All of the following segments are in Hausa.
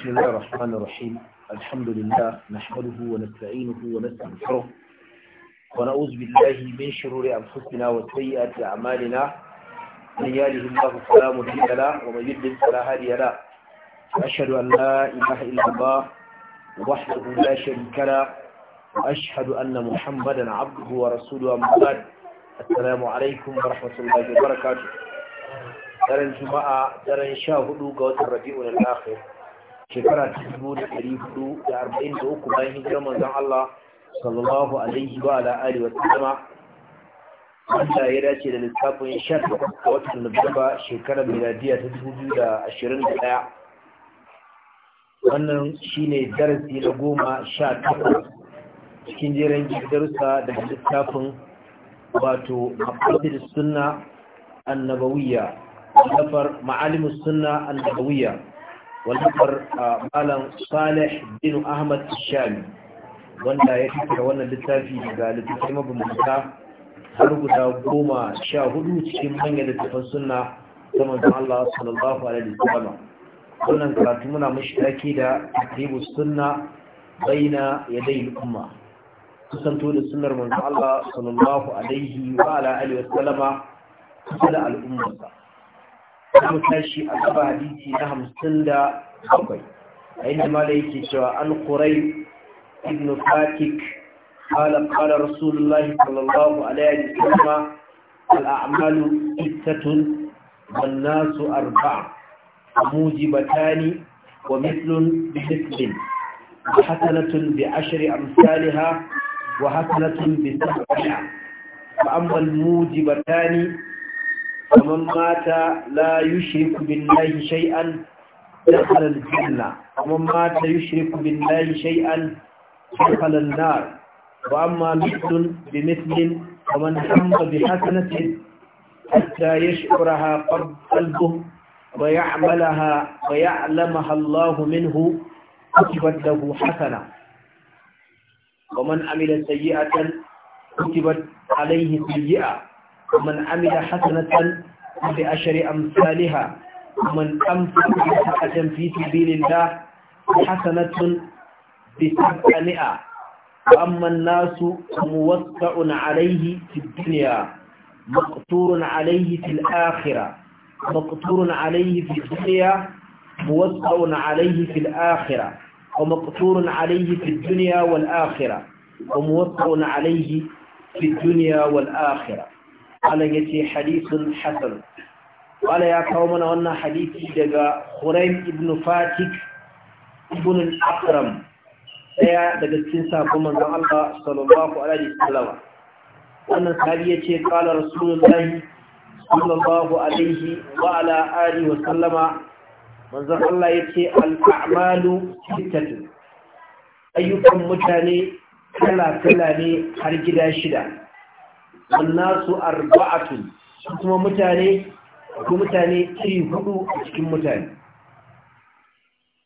بسم الله الرحمن الرحيم الحمد لله نحمده ونستعينه ونستغفره ونعوذ بالله من شرور أنفسنا وسيئات أعمالنا من يهده الله فلا مضل له ومن يضلل فلا هادي له أشهد أن لا إله إلا الله وحده لا شريك له وأشهد أن محمدا عبده ورسوله أما بعد السلام عليكم ورحمة الله وبركاته daren juma'a daren sha hudu ga watan rabi'ul akhir shekara ta dubu da ɗari hudu da arba'in da uku bayan hijirar manzon Allah sallallahu alaihi wa ala alihi wa sallama wanda ya dace da lissafin shan da watan Nuwamba shekarar miladiya ta dubu biyu da ashirin da ɗaya wannan shine darasi na goma sha takwas cikin jeren darussa da littafin wato maqasid sunna annabawiyya nafar ma'alimus sunna annabawiyya wallafar malam salih bin ahmad shami wanda ya tattara wannan littafi daga littattafai mabambanta har guda goma sha hudu cikin manyan littattafan suna, ta manzon Allah sallallahu alaihi wasallam wannan karatu muna mashi take da tarihu suna baina ya yadai umma kusanto da sunnar manzon Allah sallallahu alaihi wa ala alihi wasallama kusa da al'ummarsa kuma tashi a gaba hadisi na hamsin da bakwai a yi nema da yake cewa an kurai ibn fatik halakala rasulullahi al'amalu ittatun Bannasu Arba'a, a mujibatani wa mislun bi bi ashiri amsaliha wa hasanatun bi sahbiya ba'amman mujibatani kaman mata la yushriku billahi shay'an dakhala al-janna kaman mata yushriku billahi shay'an dakhala an-nar wa amma mithlun bi mithlin kaman hamma bi hasanatin hatta yashkuraha qalbuhu wa ya'malaha wa ya'lamaha Allahu minhu kutibat lahu hasana wa man amila ومن عمل حسنة بأشر أمثالها ومن أمسك حسنة في سبيل الله حسنة بسبع مئة وأما الناس موسع عليه في الدنيا مقتور عليه في الآخرة مقتور عليه في الدنيا موسع عليه في الآخرة ومقتور عليه في الدنيا والآخرة وموسع عليه في الدنيا والآخرة ya ce hadithun Hassan. wala ya kawo mana wannan hadisi daga Khuraim ibn Fatik ibn al-Akram daya daga cikin sabon manzon Allah sallallahu alaihi wasallam wannan sahabi yace qala rasulullahi sallallahu alaihi wa ala alihi wa sallama manzon Allah yace al-a'malu sittatu ayyukan mutane kala kala ne har gida shida annasu arba'atun su kuma mutane ko mutane iri hudu a cikin mutane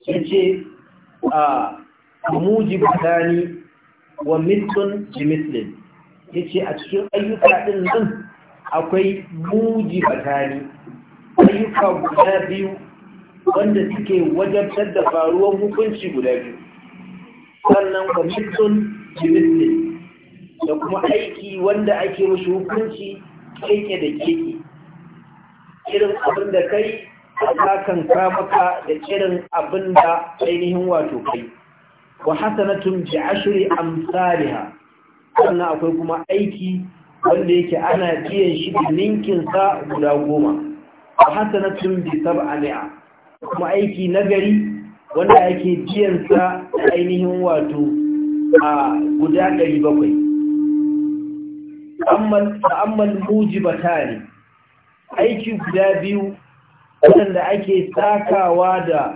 yace a mujibatani wa mithlun jimislin yace a cikin ayyuka din nan akwai mujibatani ayyuka guda biyu wanda suke wajabtar da faruwar hukunci guda biyu sannan wa mithlun jimislin da kuma aiki wanda ake mushi hukunci keke da keke irin abin da kai a kan maka da irin abin da ainihin wato kai wa hasanatun bi ashri amsalha sannan akwai kuma aiki wanda yake ana biyan shi da ninkin sa guda goma wa hasanatun bi sab'a kuma aiki nagari wanda ake biyan sa ainihin wato a guda 700 ta'ammal batari, aiki guda biyu waɗanda ake sakawa da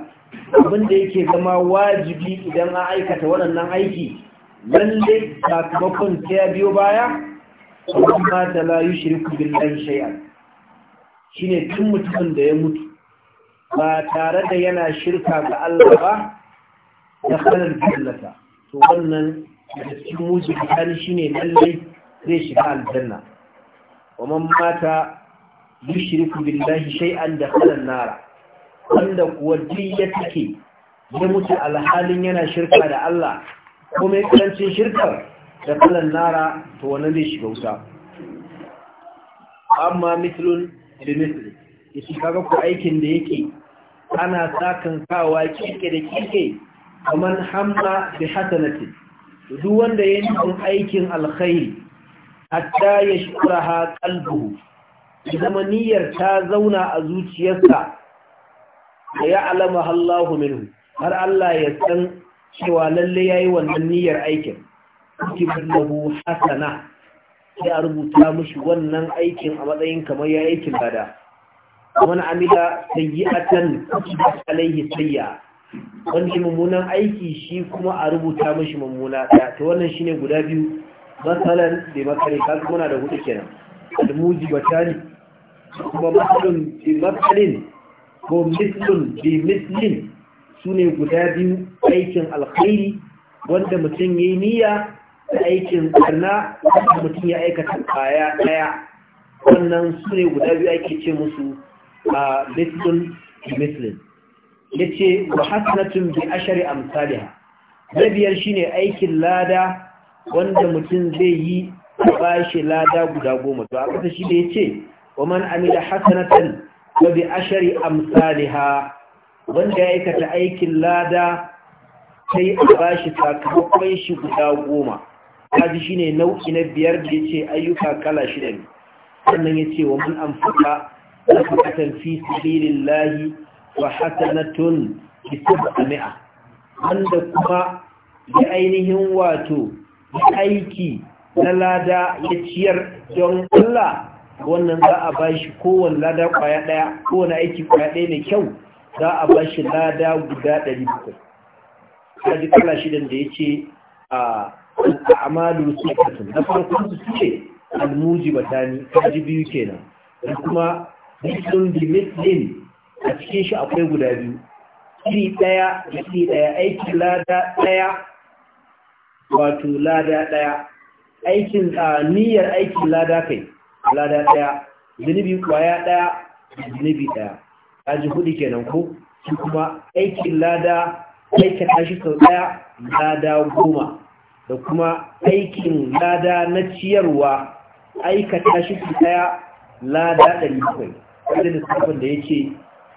abin da yake zama wajibi idan an aikata waɗannan aiki lalle sakamakon ta biyo baya amma da la shirku billahi shi ne tun mutumin da ya mutu ba tare da yana shirka ga Allah ba da kanar jannata to wannan da cikin shi ne lalle zai shiga aljanna wa man mata yushriku billahi shay'an da kalan nara wanda kuwa duk take ya mutu alhalin yana shirka da Allah kuma ya karancin shirkar da kalan nara to wannan zai shiga wuta amma mithlun bi mithli ya kaga ku aikin da yake ana sakan kawa kike da kike kamar hamma bi hasanati duk wanda ya yi aikin alkhairi hatta ya shura ha kalbuhu zama niyyar ta zauna a zuciyarsa da ya alama Allahu minhu har Allah ya san cewa lalle yayi wannan niyyar aikin kutiballahu hasana sai a rubuta mashi wannan aikin a matsayin kamar ya aikin bada wani amila sayyi'atan kutibat alaihi sayya wani mummunan aiki shi kuma a rubuta mashi mummuna ta wannan shine guda biyu matsalan da makare kan muna da hudu kenan almuji batani kuma matsalin bi matsalin ko mislun bi mislin su ne guda biyu aikin alkhairi wanda mutum ya yi niyya da aikin karna wanda mutum ya aikata kaya daya wannan su ne guda biyu ake ce musu a mislun bi mislin ya ce wa hasanatun bi ashari amsaliha na biyar shine aikin lada wanda mutum zai yi ba shi lada guda goma to a ƙasa shi da ya ce wa man amila hasanatan wa bi ashari amsalha wanda ya aikata aikin lada sai a ba shi sakamakon shi guda goma kaji shine nau'i na biyar da ya ce ayyuka kala shida ne sannan ya ce wa man amfaka nafaqatan fi sabilillahi wa hasanatun bi sab'a mi'a wanda kuma yi ainihin wato aiki na lada ya ciyar don Allah wannan za a bashi kowane lada kwaya daya kowane aiki kwaya daya mai kyau za a bashi lada guda 700 ji kala shidan da ya ce a amalu sikatun na farkon su ce almuji batani ji biyu kenan da kuma bisun bimitlin a cikin shi akwai guda biyu iri daya iri daya aikin lada daya wato lada ɗaya aikin niyyar aikin lada kai lada ɗaya zunubi kwaya ɗaya zunubi ɗaya aji hudu kenan ko su kuma aikin lada aikata shi sau ɗaya lada goma da kuma aikin lada na ciyarwa aikata shi sau ɗaya lada ɗari bakwai wanda lissafin da ya ce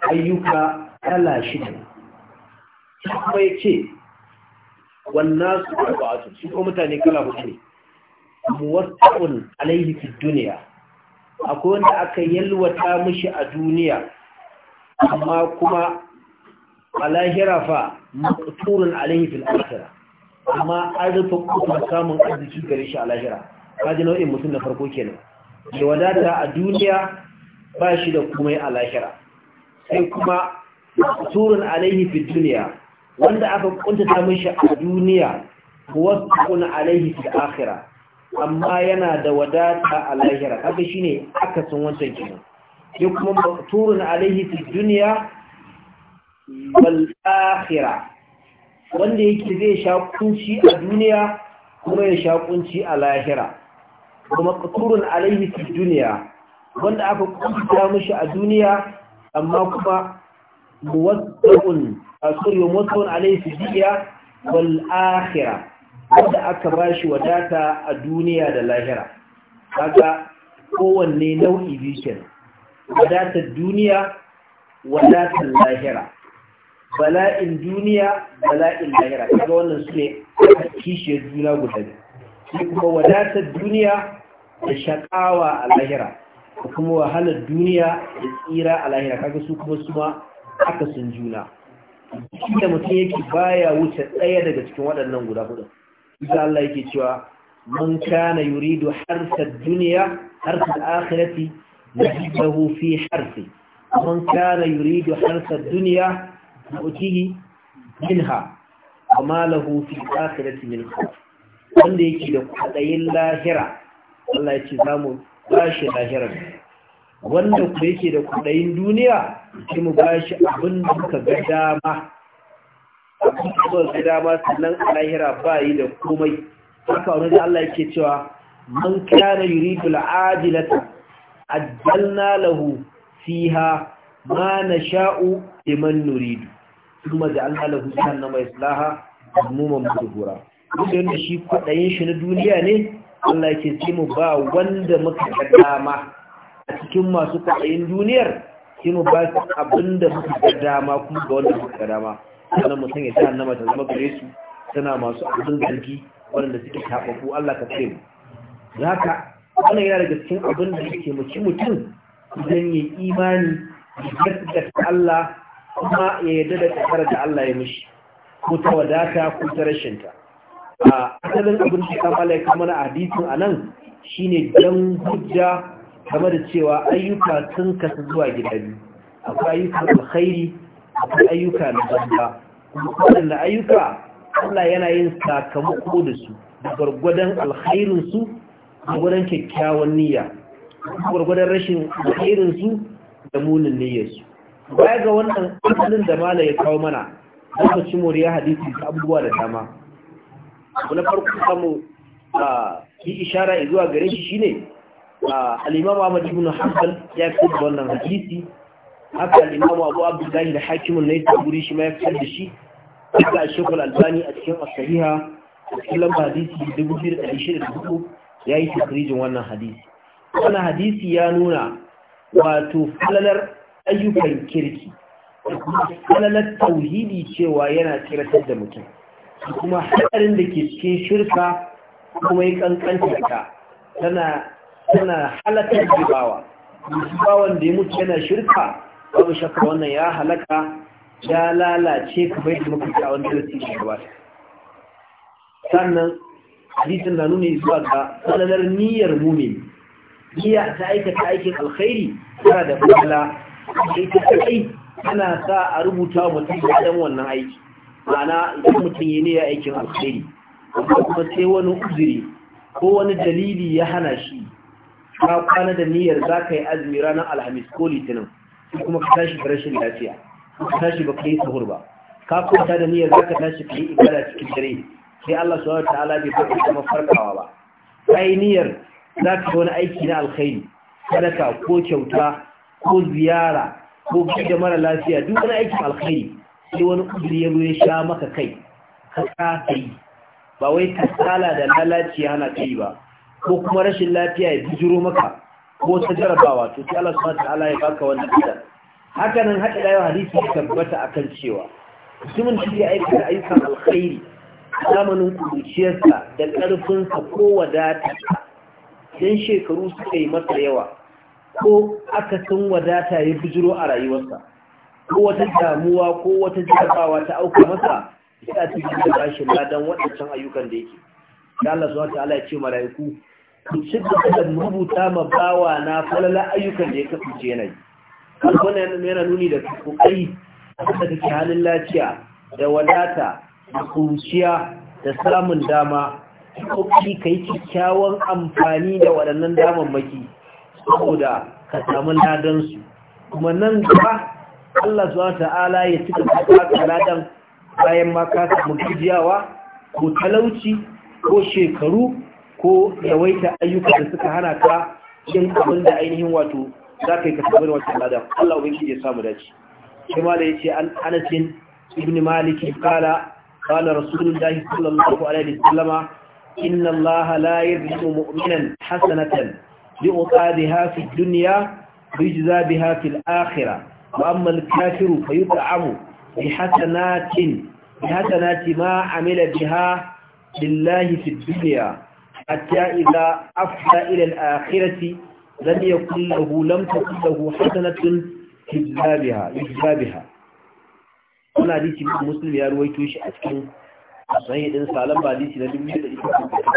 ayyuka kala shida kuma ya ce wannan su arba'atu su ko mutane kala hudu ne muwaffaqun alaihi fi dunya akwai wanda aka yalwata mishi a duniya amma kuma a lahira fa maqturun alaihi fil amma an rufe kofar samun arziki gare shi a lahira kaji nau'in mutum na farko kenan da wadata a duniya ba shi da komai a lahira sai kuma maqturun alaihi fi dunya wanda aka kuntata mishi a duniya wasu alaihi fi akhira. amma yana da wadata a lahira haka shine akasin wancan kenan ya kuma maturun alaihi fi dunya wal akhira wanda yake zai sha kunci a duniya kuma ya sha kunci a lahira kuma maturun alaihi fi dunya wanda aka kuntata mishi a duniya amma kuma muwadda'un sorry mutawun alayhi fi dunya wal akhirah wanda aka bashi wadata a duniya da lahira kaga kowanne nau'i biyu kenan wadatar duniya wadatar lahira bala'in duniya bala'in lahira kaga wannan su ne kishiyar juna guda ne sai kuma wadatar duniya da shakawa a lahira kuma wahalar duniya da tsira a lahira kaga su kuma su ma aka sun juna inda mutum yake baya wuce ɗaya daga cikin waɗannan guda hudu bisa Allah yake cewa man kana yuridu harsa duniya harsa akhirati nahibahu fi harsi man kana yuridu harsa duniya nu'tihi minha amma lahu fi akhirati min wanda yake da kwadayin lahira Allah ya ce zamu bashi lahirar wanda ku yake da kudayin duniya sai mu ba shi abin da muka ga dama abin da muka dama sannan a ba yi da komai haka wani da Allah yake cewa man kana yuridu al'ajilata ajjalna lahu fiha ma nasha'u liman nuridu kuma da Allah lahu mai islaha mumun mutubura duk shi kudayin shi na duniya ne Allah yake ce mu ba wanda muka ga dama a cikin masu kwaɗayin duniyar shi mu ba su abin da suka ga dama kuma ga wanda suka ga dama sannan mu sanya ta annama ta zama gare su tana masu abin zargi waɗanda suke ko Allah ka tsaye za ka wannan yana daga cikin abin da yake mace mutum idan ya imani da Allah kuma ya yarda da tsakar da Allah ya mishi ko ta wadata ko ta rashinta a asalin abin da kama laika mana a hadisin a nan shine dan hujja game da cewa ayyuka sun kasa zuwa gida biyu akwai ayyukan alkhairi akwai ayyuka na banza kuma waɗanda ayyuka Allah yana yin sakamako da su da gwargwadon alkhairinsu da gwadon kyakkyawan niyya gwargwadon rashin alkhairinsu da munin niyyarsu baya ga wannan asalin da mala ya kawo mana lokacin moriya hadisi ta abubuwa da dama abu na farko samu a ah, yi ishara zuwa gare shi shine Alimamu imam Ahmad ibn Hanbal ya fi wannan hadisi haka Alimamu imam Abu Abdullah da Hakim na ya guri shi ma ya fitar da shi haka Sheikh al-Albani a cikin as-sahiha cikin lamba hadisi 2604 yayi takrijin wannan hadisi wannan hadisi ya nuna wato falalar ayyukan kirki falalar tauhidi cewa yana tsiratar da mutum kuma hadarin da ke cikin shirka kuma ya kankanta tana tana halakar jibawa jibawan da ya mutu yana shirka babu shakka wannan ya halaka ya lalace kamar da muka ta wani darasi shi gabata sannan hadisin na nuna zuwa ga tsananar niyyar mumin niyya ta aikata aikin alkhairi tana da fadala sai ta kai ana sa a rubuta mutum da dan wannan aiki ma'ana idan mutum ya ne ya aikin alkhairi kuma sai wani uzuri ko wani dalili ya hana shi ka kwana da niyyar za ka yi azumi ranar alhamis ko litinin kuma ka tashi da rashin lafiya ka tashi ba ka yi sahur ba ka kwanta da niyyar za ka tashi ka yi ibada cikin dare sai Allah wata ta'ala bai baka kuma farkawa ba yi niyyar za ka yi wani aiki na alkhairi sadaka ko kyauta ko ziyara ko da mara lafiya duk wani aikin alkhairi sai wani uzuri ya ya sha maka kai ka ba wai kasala da lalaci hana kai ba ko kuma rashin lafiya ya bijiro maka ko ta jarabawa to sai Allah subhanahu ta'ala ya baka wannan idan haka nan hada yau hadisi ya tabbata akan cewa mutumin shi ya aika da ayyukan alkhairi zamanin kuruciyarsa da ƙarfinsa ko wadata dan shekaru suka yi masa yawa ko aka san wadata ya bijiro a rayuwarsa ko wata damuwa ko wata jarabawa ta auka masa a cikin da bashin ladan waɗancan ayyukan da yake da Allah subhanahu ta'ala ya ce mala'iku ku ci da rubuta ma bawa na falala ayyukan da ya kasance yanayi yi yana nuni da kokari da take halin lafiya da wadata da kuciya da samun dama kokari kai kyakkyawan amfani da waɗannan damammaki saboda ka samu ladan su kuma nan gaba Allah subhanahu ta'ala ya cika baka ladan bayan ma ka samu gijiyawa ko talauci ko shekaru ko yawaita ayyukan da suka hana ka yin abin da ainihin wato za ka yi ka samu da wancan lada Allah ubangiji ya samu dace shi ma yace an anasin ibn maliki qala qala rasulullahi sallallahu alaihi wasallam inna Allah la yudhibu mu'minan hasanatan bi'qadiha fi dunya yujza biha fil akhirah wa amma al-kafiru fayut'amu bi hasanatin bi hasanati ma amila biha lillahi fi dunya hatta iza afla ila al-akhirati lam yakul lahu lam takul lahu hasanatun hijabaha hijabaha kuna da shi musulmi ya ruwaito shi a cikin sahih din salam ba da shi na 1200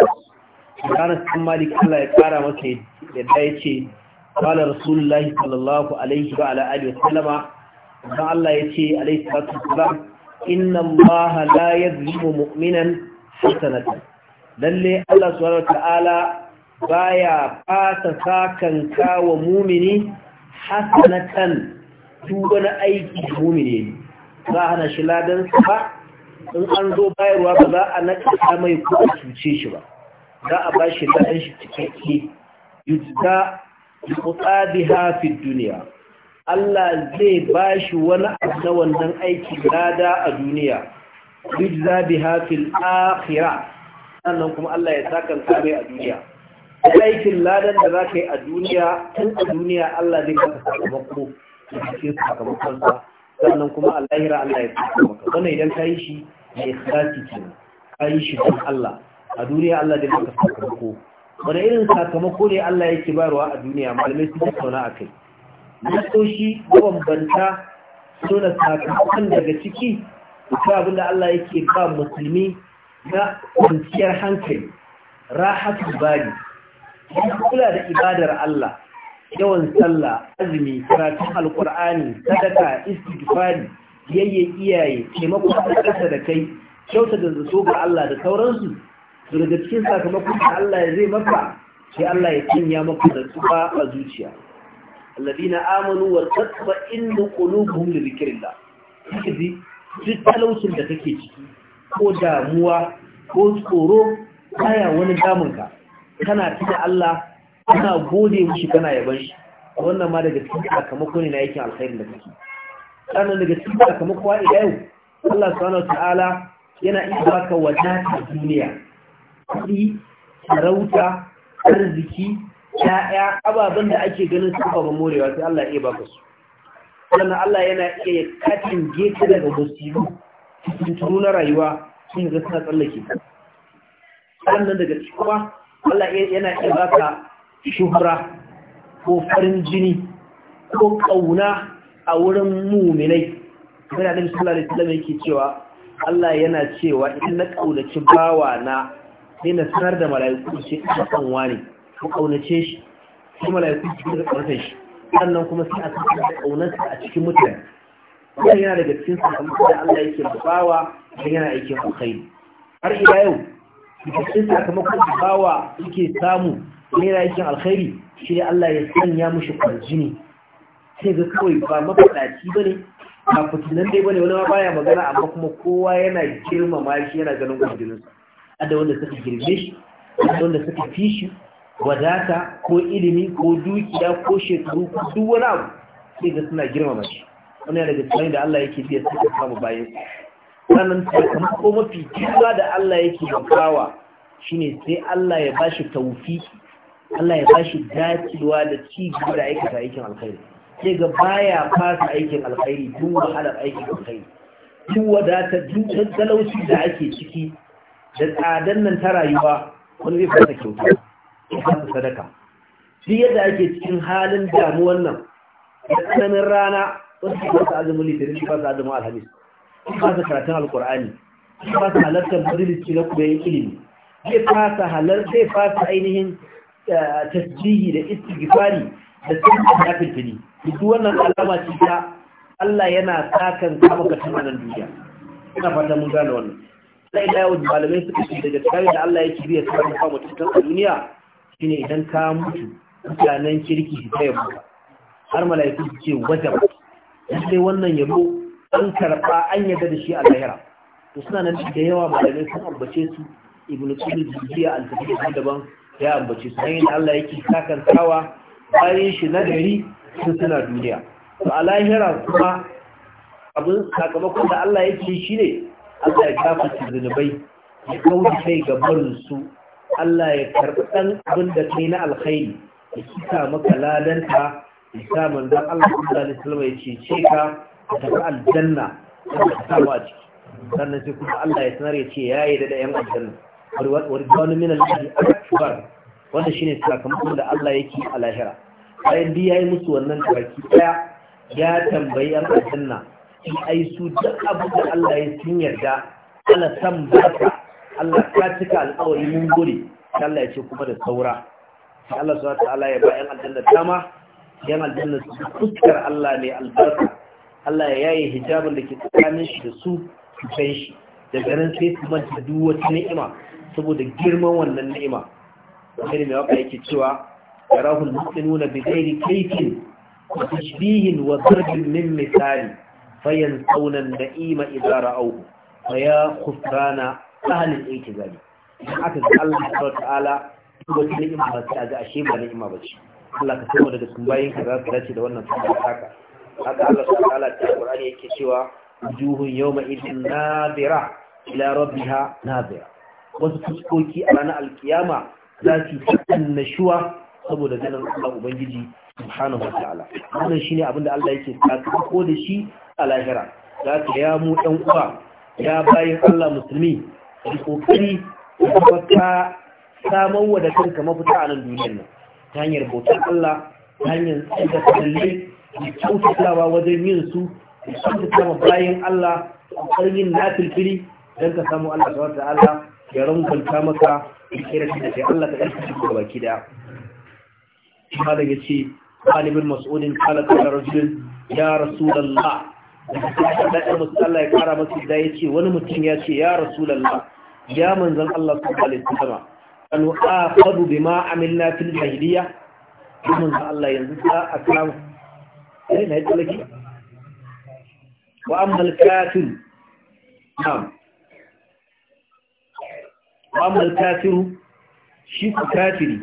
kana san malik Allah ya kara maka yadda yace qala rasulullahi sallallahu alaihi wa ala alihi wasallama dan Allah yace alaihi salatu wassalam inna allaha la yadhlimu mu'minan hasanatan lalle Allah subhanahu wata'ala baya fata sakan kawo mumini hasanatan duk wani aiki da mumini za a hana shi ladan ba in an zo bayarwa ba za a naɗa mai ko a cuce shi ba za a ba shi ladan shi cikakke yuzda bi hafi duniya Allah zai ba shi wani abu na wannan aiki lada a duniya yuzda bi hafi akhirah sannan kuma Allah ya sakan kame a duniya aikin ladan da za ka yi a duniya tun a duniya Allah zai baka sakamako da cikin sakamakonsa sannan kuma a lahira Allah ya sakamaka wannan idan ka yi shi mai ikhlasi kenan ka yi shi don Allah a duniya Allah zai baka sakamako wani irin sakamako ne Allah ya ke bayarwa a duniya malamai sun tattauna a kai nasoshi mabambanta suna sakamakon daga ciki ta abin da Allah ke ba musulmi na kwanciyar hankali rahatul bari kula da ibadar Allah yawan sallah azumi karatun alkur'ani sadaka istighfari yayye iyaye taimako da da kai kyauta da zato ga Allah da sauransu su daga cikin sakamakon da Allah ya zai maka sai Allah ya kanya maka da tuba a zuciya alladina amanu wa tatma'innu qulubuhum li dhikrillah kiji duk talaucin da kake ciki ko damuwa ko tsoro kaya wani damunka kana tuna Allah kana gode mishi kana yaban shi wannan ma daga cikin sakamako ne na yake alkhairin da kake sannan daga cikin sakamako wa yau Allah subhanahu ta'ala yana iya baka wadata duniya kuɗi sarauta arziki ya'ya ababen da ake ganin su ba morewa sai Allah ya baka su sannan Allah yana iya katin gefe daga musibu tuntunu na rayuwa sun ga suna tsallake sannan daga cikuwa Allah yana iya baka shuhura ko farin jini ko ƙauna a wurin muminai yana da sallallahu alaihi yake cewa Allah yana cewa idan na ƙaunaci bawa na sai na sanar da mala'iku shi a kan wani ko ƙaunace shi shi mala'iku shi sannan kuma sai a san kaunarsa a cikin mutane wannan yana daga cikin sakamakon da Allah yake bawa da yana aikin alkhairi har ila yau daga cikin sakamakon da bawa yake samu da yana aikin alkhairi shi ne Allah ya sanya mushi kwarjini sai ga kawai ba mafaɗaci bane ba fitinan dai bane wani ma baya magana amma kuma kowa yana girmama shi yana ganin sa adda wanda suka girme shi ada wanda suka fi wadata ko ilimi ko dukiya ko shekaru ko duk wani abu sai ga suna girmama shi wani daga cikin da Allah yake biya suka samu bayan sannan sakamako mafi kira da Allah yake bakawa shine sai Allah ya bashi taufi Allah ya bashi dacewa da ci gaba da aikata aikin alkhairi sai ga baya fasa aikin alkhairi duk wahalar aikin alkhairi duk wadata duk talauci da ake ciki da tsadan nan ta rayuwa wani zai fasa kyauta ya fasa sadaka shi yadda ake cikin halin damuwan nan da tsananin rana wasu su ba su azumin litinin su ba su azumin alhamis su ba su karatun alkur'ani su ba su halartar majalisci na yin ilimi zai fasa halar zai fasa ainihin eh, tasbihi da istighfari da sun da fitini duk wannan alama ce ta Allah yana sakan kama ka tana nan duniya ina fata mun gane wannan sai da yau malamai suka ce daga tsari da Allah ya kiriya sakan kama mutum duniya shine idan ka mutu mutanen kirki sai ya mutu har malaiku su ce wajaba sai wannan yabo an karɓa an yarda da shi a lahira to suna nan da yawa malamai sun ambace su ibn qayyim jiya al-tafsir daban ya ambace su sai Allah yake sakantawa bayan shi na gari sun suna duniya to a lahira kuma abin sakamakon da Allah yake shine Allah ya gafarta zunubai ya kauce kai ga barinsu. su Allah ya karɓi ɗan abin da kai na alkhairi ya kika maka ladanta isa manzan Allah sallallahu ya ce ka ka tafi aljanna ka samu a ciki sannan sai kuma Allah ya sanar ya ce ya yi da ɗayan aljanna wargwani min al-lahi akbar wanda ne sakamakon da Allah ya ke a lahira bayan ya yi musu wannan karki daya ya tambayi yan aljanna in ai su duk abin da Allah ya sun yarda ana san ka Allah ka cika alƙawari mun gode Allah ya ce kuma da saura Allah su ta'ala ya ba yan aljanna dama yan aljanna su fuskar Allah mai albarka Allah ya yaye hijabin da ke tsakanin shi da su su san shi Da ganin sai su manta duk wata ni'ima saboda girman wannan ni'ima sai mai waka yake cewa yarahul muslimuna bi ghairi kayfin wa tashbihin wa darbin min misali Bayan saunan naima idza ra'awhu fa ya khusrana ahli al-i'tizali idan aka ga Allah subhanahu wata ni'ima ba sai ga ashe ba ni'ima ba ce Allah ka samu daga cikin bayin ka za ka dace da wannan sunna haka haka Allah ta'ala ta Qur'ani yake cewa wujuhun yawma idin nadira ila na nadira wasu fuskoki a ranar alkiyama za su shuwa saboda ganin Allah Ubangiji subhanahu wa ta'ala wannan shine abin da Allah yake sakamako da shi a lahira za ka ya mu ɗan uwa ya bayin Allah musulmi a kokari da kuma ka samar wa da kanka mafita a nan duniyar nan ta hanyar bautar Allah ta hanyar tsaye sallai da kyautatawa wajen yin su da kyautatawa bayan Allah da ƙarfin na filfili don ka samu Allah ta wata Allah ya rankwanta maka da kira shi da sai Allah ka ɗarfi shi ga baki da malam ya ce ɗalibin mas'udin kala kala ya rasu da ta masu Allah ya ƙara masu da ya ce wani mutum ya ce ya rasulallah ya manzan Allah su ba nu'aqabu bima amilna fil jahiliya mun ga Allah yanzu eh, na yi wa amma wa kafiru shi ku kafiri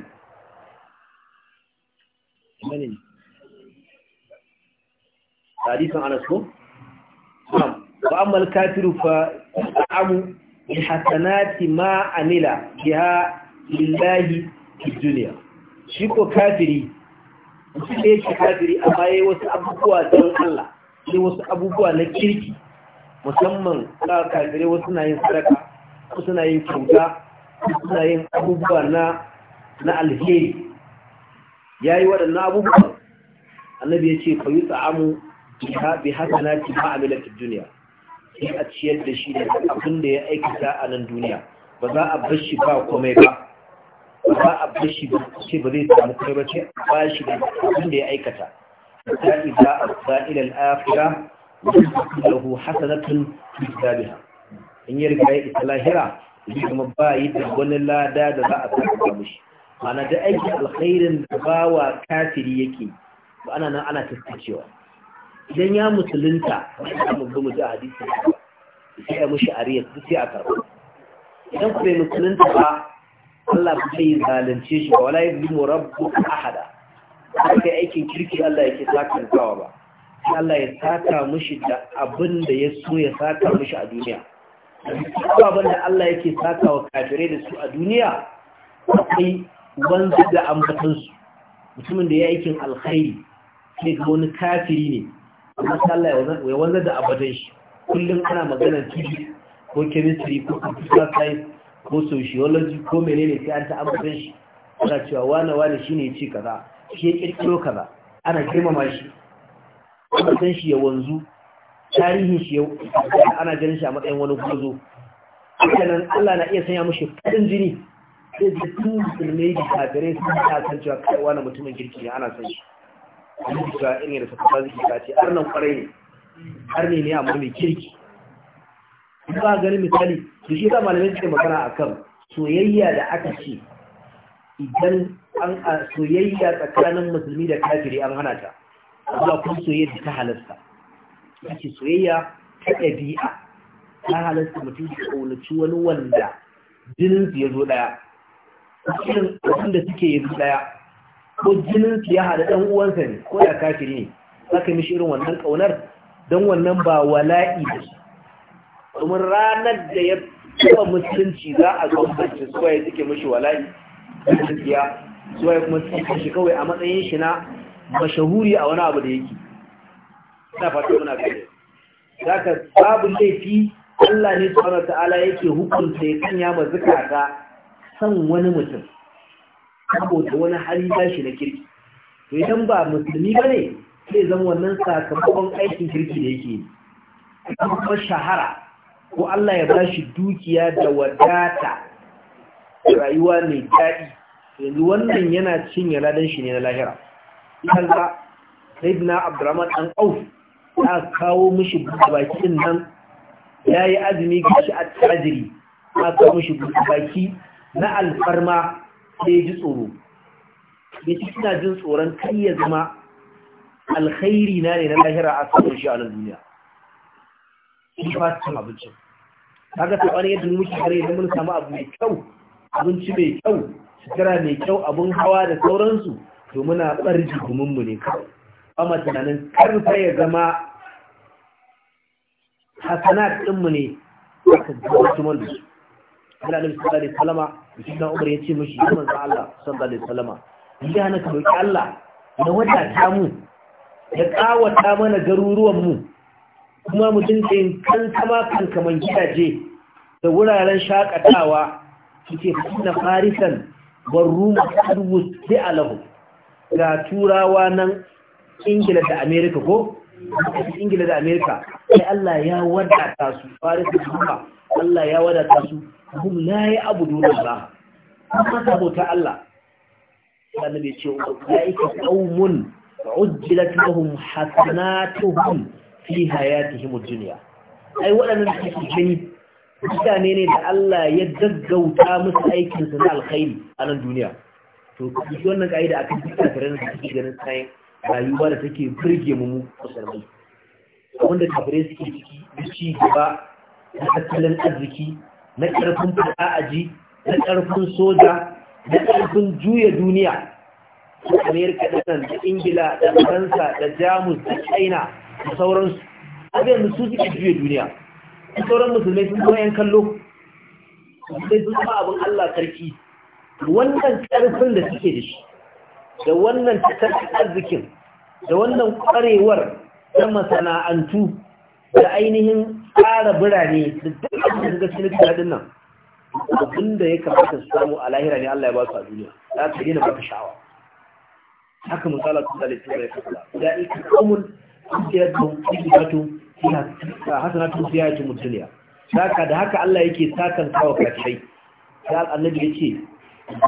mene hadisin Anas ko wa amma kafiru fa amu bi hasanati ma amila biha lillahi fi duniya shi ko kafiri shi ne shi kafiri amma yayi wasu abubuwa don Allah sai wasu abubuwa na kirki musamman ka kafirai wasu na yin sadaka wasu suna yin kyauta wasu suna yin abubuwa na na alheri yayi waɗannan abubuwa annabi ya ce fayu tsa'amu bi ki ma amila fi duniya sai a ciyar da shi da abin da ya aikata a nan duniya ba za a bar shi ba komai ba ba a bashi ba ce ba zai samu kai ba ce ba shi da abin da ya aikata ta iza a sa'ilal afira lahu hasanatun biha in ya riga ya isa lahira zai kuma ba yi da wani lada da za a saka mushi ma'ana da aikin alkhairin da ba wa kafiri yake ba ana nan ana tattacewa idan ya musulunta ya mugu mutu a hadisi sai ya mushi ariyar duk sai a karɓa idan ku bai musulunta ba Allah ba zai zalunce shi ba wala yuzlimu rabbuka ahada haka aikin kirki Allah yake sakantawa ba sai Allah ya saka mishi da abin da ya so ya saka mishi a duniya ababen da Allah yake saka wa kafirai da su a duniya akwai wanzu da su mutumin da ya aikin alkhairi sai ga wani kafiri ne amma Allah ya wanzu da abatan shi kullum ana maganar TV ko chemistry ko computer science ko sociology ko menene sai an ta amfani shi ana cewa wane wane shine ya ce kaza shi ya kirkiro kaza ana girmama shi ambatan shi ya wanzu tarihin shi ya ana ganin shi a matsayin wani gozo hakanan Allah na iya sanya mushi fadin jini sai da tun musulmai da kafirai sun ta san cewa kai wani mutumin kirki ne ana san shi wani da cewa irin da suka ziki ka ce har nan kwarai ne har ne ne amma mai kirki ba gani misali to ita malamai suke magana akan soyayya da aka ce idan an soyayya tsakanin musulmi da kafiri an hana ta amma kun soyayya ta halasta yace soyayya ta ɗabi'a ta halasta mutum ya ƙaunaci wani wanda jininsu ya zo ɗaya irin wanda suke yi daya ɗaya ko jininsu ya hada ɗan uwansa ne ko ya kafiri ne za ka mishi irin wannan ƙaunar don wannan ba wala'i ba su domin ranar da ya cewa musulunci za a su waye suke mashi wala'i su waye kuma suke shi kawai a matsayin shi na mashahuri a wani abu da yake ina fata muna za ka babu laifi Allah ne subhanahu ta'ala yake hukunta ya kanya ma zakata san wani mutum saboda wani hali shi na kirki to idan ba musulmi ba ne? sai zama wannan sakamakon aikin kirki da yake yi. kuma shahara ko Allah ya bashi dukiya da wadata rayuwa mai daɗi yanzu wannan yana cinye ladan shi ne na lahira idan ka sayyidina abdurrahman dan auf ya kawo mishi bakin nan yayi azumi gashi a tajiri ya kawo mishi baki na alfarma sai ji tsoro ya ci jin tsoron kai ya zama alkhairi na ne na lahira a samun shi a duniya shi ba su cin abincin kaga sabani yadda muke samu abu mai kyau abinci mai kyau sutura mai kyau abun hawa da sauransu to muna barji gumin ne kawai ma tunanin karfa ya zama hasanat ɗinmu mu ne aka gaba su da su Allah Nabi da alaihi wasallama Umar ya ce mishi ya manzo Allah sallallahu alaihi wasallama ya hana ka Allah na wadata mu ya kawata mana garuruwan mu kuma mutum ɗin kan kama kan kaman gidaje da wuraren shakatawa suke kuna farisan barruma harwus sai alahu ga turawa nan ingila da amerika ko ingila da amerika sai allah ya wadata su farisan kuma allah ya wadata su kuma na yi abu dole ba kuma sabota allah sannan bai ce ya ika kaumun ujjilat lahum hasanatuhum fi hayatihim ad-dunya ai waɗannan da suke gani mutane ne da Allah ya gaggauta musu aikin na alkhairi a nan duniya to shi wannan kaida akan kafirai da suke ganin tsayin rayuwa da take burge mu musulmai wanda kafirai suke ciki da ci gaba na tattalin arziki na ƙarfin fada'aji na ƙarfin soja na ƙarfin juya duniya amerika da nan da ingila da faransa da jamus da china da sauransu abin da su suke juya duniya sauran musulmai sun zama yan kallo musulmai sun zama abin Allah karki wannan karfin da suke da shi da wannan tattalin arzikin da wannan kwarewar ta masana'antu da ainihin tsara birane da duk da suka cikin daɗin nan abin da ya kamata su samu a lahira ne Allah ya ba su a duniya za su daina baka sha'awa haka misala su da ya kasa da ya ika kamun kuntiyar tawfiqatu fiha hasanatu fiha mutliya saka da haka Allah yake sakan kawo Ta sai annabi yace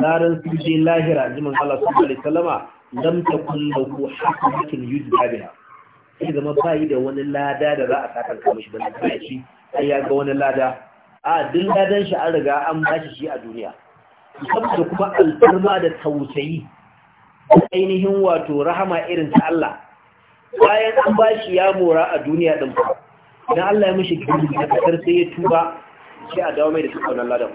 zaran su je lahira inji manzo Allah sallallahu ta wasallama lam takun mutum hasanatun yujza biha sai zama bai da wani lada da za a sakan kawo shi balle sai shi sai ya ga wani lada a duk ladan shi an riga an bashi shi a duniya saboda kuma alfarma da tausayi ainihin wato rahama irin ta Allah bayan an ba shi ya mora a duniya ɗin ba idan Allah ya mishi gini da kasar sai ya tuba shi a dawo mai da suka wannan ladan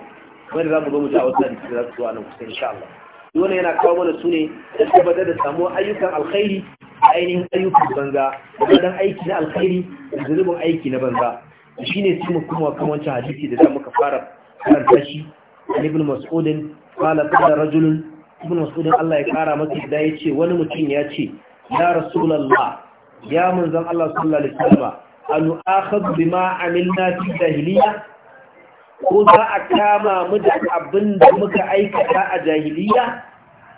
kuma da za mu zo mu ji a wasu da za su zuwa nan kusa insha Allah dole yana kawo mana su ne da tabbatar da samuwar ayyukan alkhairi a ainihin ayyukan banza da ladan aiki na alkhairi da zunubin aiki na banza shi ne su kuma kuma kan wancan hadisi da za mu ka fara karanta shi ibn mas'udin qala qala rajulun ibn mas'udin Allah ya kara masa da yace wani mutum ya ce ya rasulullah ya manzan Allah sallallahu alaihi wasallam an akhadhu bima amilna fi jahiliya ko za a kama mu da abin da muka aikata a jahiliya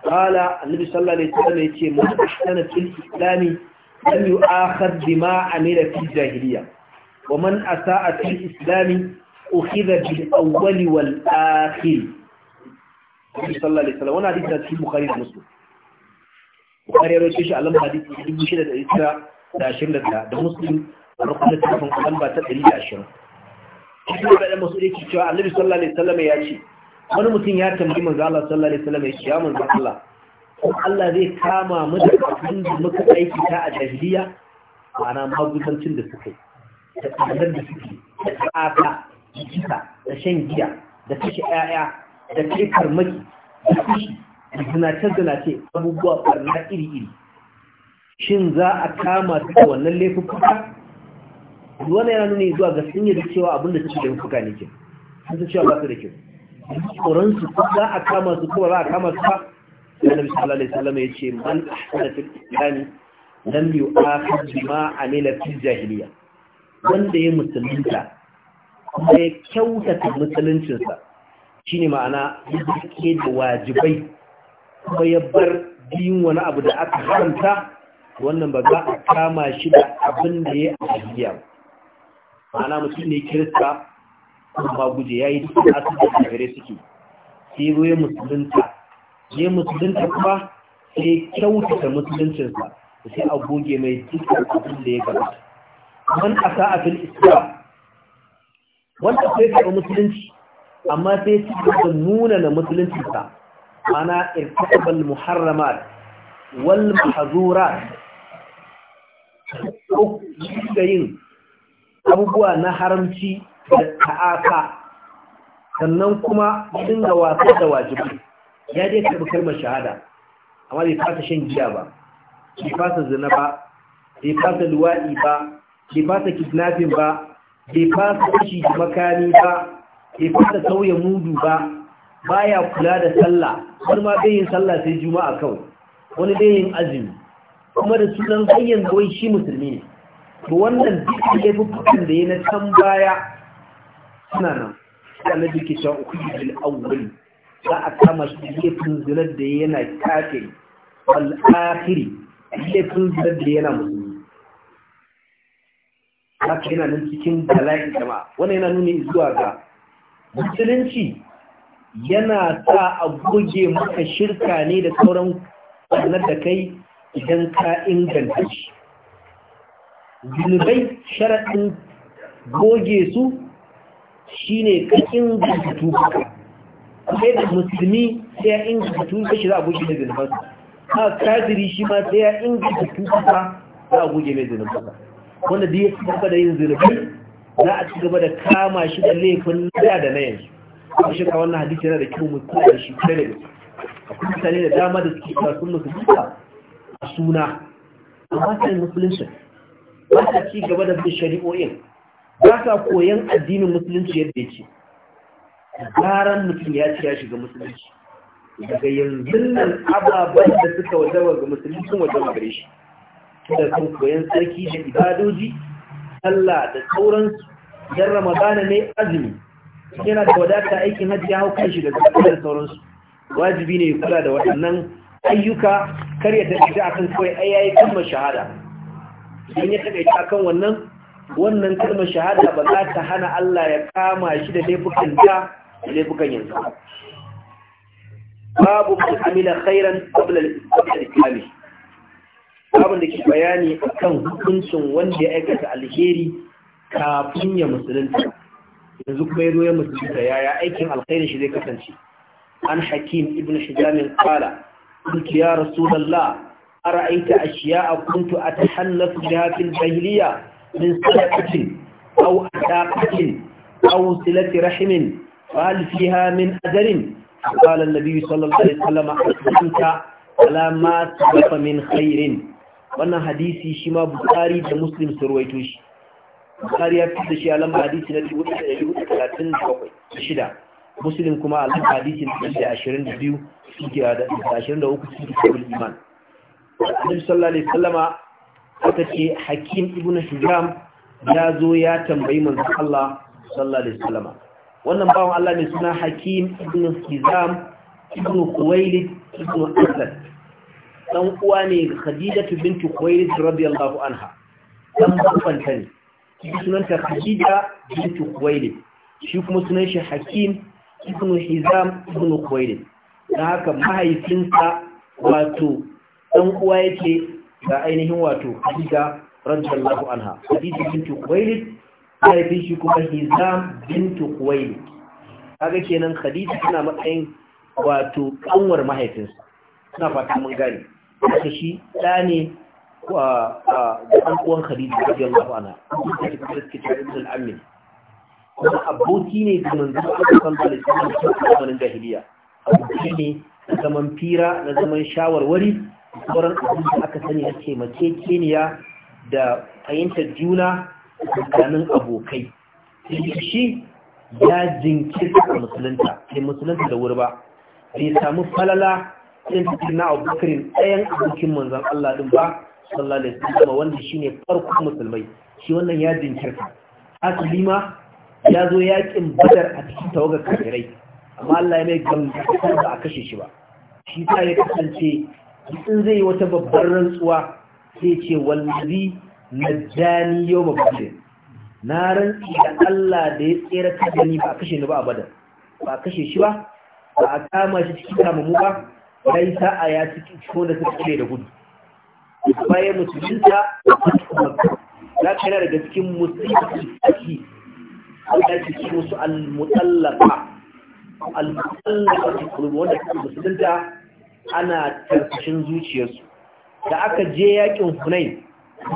qala annabi sallallahu alaihi wasallam yace man ahsana fil islami lam yu'akhadh bima amila fi jahiliya wa man asaa fil islami ukhidha bil awwali wal akhir sallallahu alaihi wasallam wannan hadisi cikin bukhari da muslim bukari ya roƙe shi a lamba hadisi dubu shida da isra da ashirin da da muslim a rukunin tafin lamba ta ɗari da ashirin shi ne da masu yake cewa annabi sallallahu alaihi wasallam ya ce wani mutum ya tambayi manzo Allah sallallahu alaihi wasallam ya ce ya manzo Allah ko Allah zai kama mu da abin da muka aiki ta a jahiliya ma'ana magudancin da suke da tsadar da suke da tsaka da kisa da shan giya da kashe 'ya'ya da kai farmaki da fushi zinace-zinace abubuwa ɓarna iri-iri shin za a kama su da wannan laifuka wannan yana nuna zuwa ga sun da cewa abin da suke da laifuka ne ke sun su cewa ba su da kyau tsoronsu ko za a kama su ko ba za a kama su ba ya nabi sallallahu alaihi wasallam ya ce man ahsana fi islami lam yu'akhid bima amila fi jahiliya wanda ya musulunta kuma ya kyautata musuluncinsa shine ma'ana yake da wajibai kuma ya bar biyun wani abu da aka haramta wannan ba za a kama shi da abin da ya ajiya ma'ana mutum ne kirista kuma guje ya yi duk asu da kafirai suke sai zo ya musulunta ya musulunta kuma sai kyautata musuluncinsa sai a goge mai dukkan abin da ya gabata man asa a fil islam wanda sai ka musulunci amma sai ci da na musuluncinsa ana irtabal muharramat wal mahzurat ko da yin abubuwa na haramci da ta'aka sannan kuma dinga wasa da wajibi ya je karbi kalmar shahada amma bai fasa shan giya ba bai fata zina ba bai fasa luwaɗi ba bai fasa kidnapping ba bai fata kashi makami ba bai fasa sauya mudu ba baya kula da sallah wani ma bai sallah sai juma'a kawai wani bai azumi kuma da sunan bayyan da shi musulmi ne to wannan duk laifukan da ya na can baya suna nan Allah yake cewa ukul awwal za a kama shi laifin zinar da yana kafiri wal akhiri laifin zinar da yana musulmi haka yana nan cikin bala'i jama'a wannan yana nuni zuwa ga musulunci yana sa a goge maka shirka ne da sauran ɓarnar da kai idan ka inganta shi zunubai sharaɗin goge su shine ka inganta tuka sai da musulmi sai ya inganta tuka shi za a goge da zunubansa a kafiri shi ma sai ya inganta tuka za a goge mai zunubansa wanda da ya ci gaba da yin zunubai za a ci gaba da kama shi da laifin da na yanzu kuma shakka wannan hadisi yana da kyau mu da shi tare da akwai mutane da dama da suke kasu musulunta a suna A sai musulunci ba ta ci gaba da bin shari'o'in ba sa koyan addinin musulunci yadda yake gyaran mutum ya ci ya shiga musulunci daga yanzu nan ababen da suka wajaba ga musulunci wajen wajaba gare shi da kan koyan sarki da ibadoji sallah da sauransu yan ramadana ne azumi yana da wadata aikin hajji ya hau kanshi da da sauransu wajibi ne ya kula da waɗannan ayyuka karya ya tafi akan kawai ai yayi kalmar shahada idan ya taɓa ita akan wannan wannan kalmar shahada ba za ta hana Allah ya kama shi da laifukan da da laifukan yanzu babu ku amila khairan qabla al-islam babu da ke bayani akan hukuncin wanda ya aikata alheri kafin ya musulunta yanzu kuma ya zo ya musulunta yaya aikin alkhairin shi zai kasance an hakim ibn hijamin qala kuntu ya rasulullah ara'aita a kuntu atahallafu biha fil jahiliya min sadaqatin aw adaqatin aw silati rahimin fahal fiha min ajrin qala an-nabi sallallahu alaihi wasallam kunta ala ma tafa min khairin wannan hadisi shima ma bukhari da muslim su ruwaito shi bukari ya fi da shi a lamba hadisi na 1436 muslim kuma a lamba hadisi na 22 da 23 suke kawul iman annabi sallallahu alaihi sallama aka ce hakim ibn hijam ya zo ya tambayi manzon Allah sallallahu alaihi sallama wannan bawan Allah mai suna hakim ibn hijam ibn kuwailid ibn asad Ɗan uwa ne ga khadijatu bintu kuwailid radiyallahu anha Ɗan babanta ne sunanta Khadija bintu Khuwailid shi kuma sunan shi Hakim ibn Hizam ibn Khuwailid dan haka mahaifinsa wato dan uwa yake ga ainihin wato Khadija radiyallahu anha Khadija bintu Khuwailid mahaifin shi kuma Hizam bintu Khuwailid kaga kenan Khadija tana matsayin wato kanwar mahaifinsa ina fata mun gane haka shi ɗa ne ɗan uwan khadija da ajiyar lafana ta ke fitar suke tare da al'amin kuma aboki ne da manzan abokan palestina da kuma zamanin jahiliya aboki ne na zaman fira na zaman shawarwari sauran abin da aka sani na keniya, da fahimtar juna tsakanin abokai shi ya jinkirta musulunta sai musulunta da wuri ba bai samu falala irin cikin na abubakarin ɗayan abokin manzan Allah ɗin ba sallallahu alaihi wasallam wanda shine farkon musulmai shi wannan ya jinkirta asali ma ya zo yakin badar a cikin tawagar kafirai amma Allah ya mai gangatar ba a kashe shi ba shi ta ya kasance in zai yi wata babbar rantsuwa sai ce wallazi najjani yau mabudin na rantsi da Allah da ya tsere ta gani ba a kashe ni ba a badar ba a kashe shi ba ba a kama shi cikin kamamu ba ya yi sa'a ya cikin wanda suka kule da gudu bayan musulunta a makka za ka yana daga cikin musulunci saki wanda ake ce musu al-mutallaka al-mutallaka ta kulubu wanda ke musulunta ana tarkashin zuciyarsu da aka je yakin hunai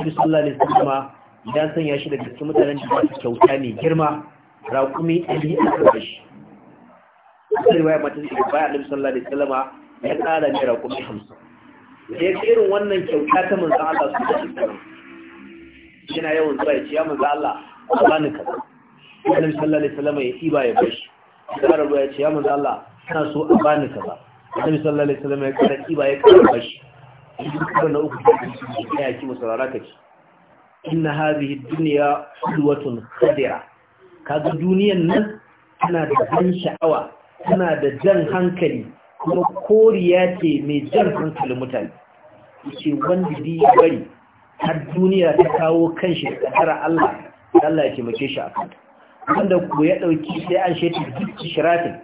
su sallallahu su kuma ya sanya shi daga cikin mutanen da su kyauta mai girma raƙumi ɗari a kan shi sai riwaya mata da baya annabi sallallahu alaihi ya ƙara ne raƙumi hamsin da ya ce irin wannan kyauta ta manzan Allah su da shekaru yana yawan zuwa ya ce ya manzan Allah a ni kaza annabi sallallahu alaihi wasallam ya iba ya bashi kara ruwa ya ce ya manzan Allah kana so a ba ni kaza annabi sallallahu alaihi wasallam ya kara iba ya kara bashi kuma na uku ya ki musarara kace inna hadhihi dunya hulwatun khadira kaga duniyan nan tana da ban sha'awa tana da jan hankali kuma koriya ce mai jan hankalin mutane ce wanda bi ya bari har duniya ta kawo kanshi da tsara Allah da Allah ya taimake shi a kanta wanda ku ya ɗauki sai an ta duk shiratin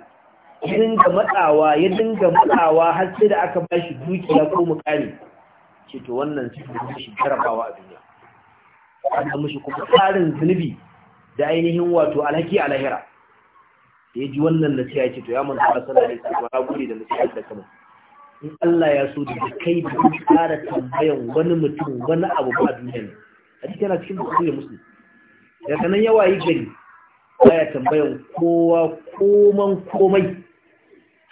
ya dinga matsawa ya dinga matsawa har sai da aka ba shi dukiya ko mukami ce to wannan su da shi jarabawa a duniya an mushi kuma tsarin zunubi da ainihin wato alhaki a lahira da ya ji wannan nasiha ya ce to ya manzo Allah sana alaihi wasallam ya gode da nasiha da kama in Allah ya so da kai da kara tambayan wani mutum wani abu ba duniya ne a cikin yana cikin musu? muslim daga nan yawa yi gari baya tambayan kowa koman komai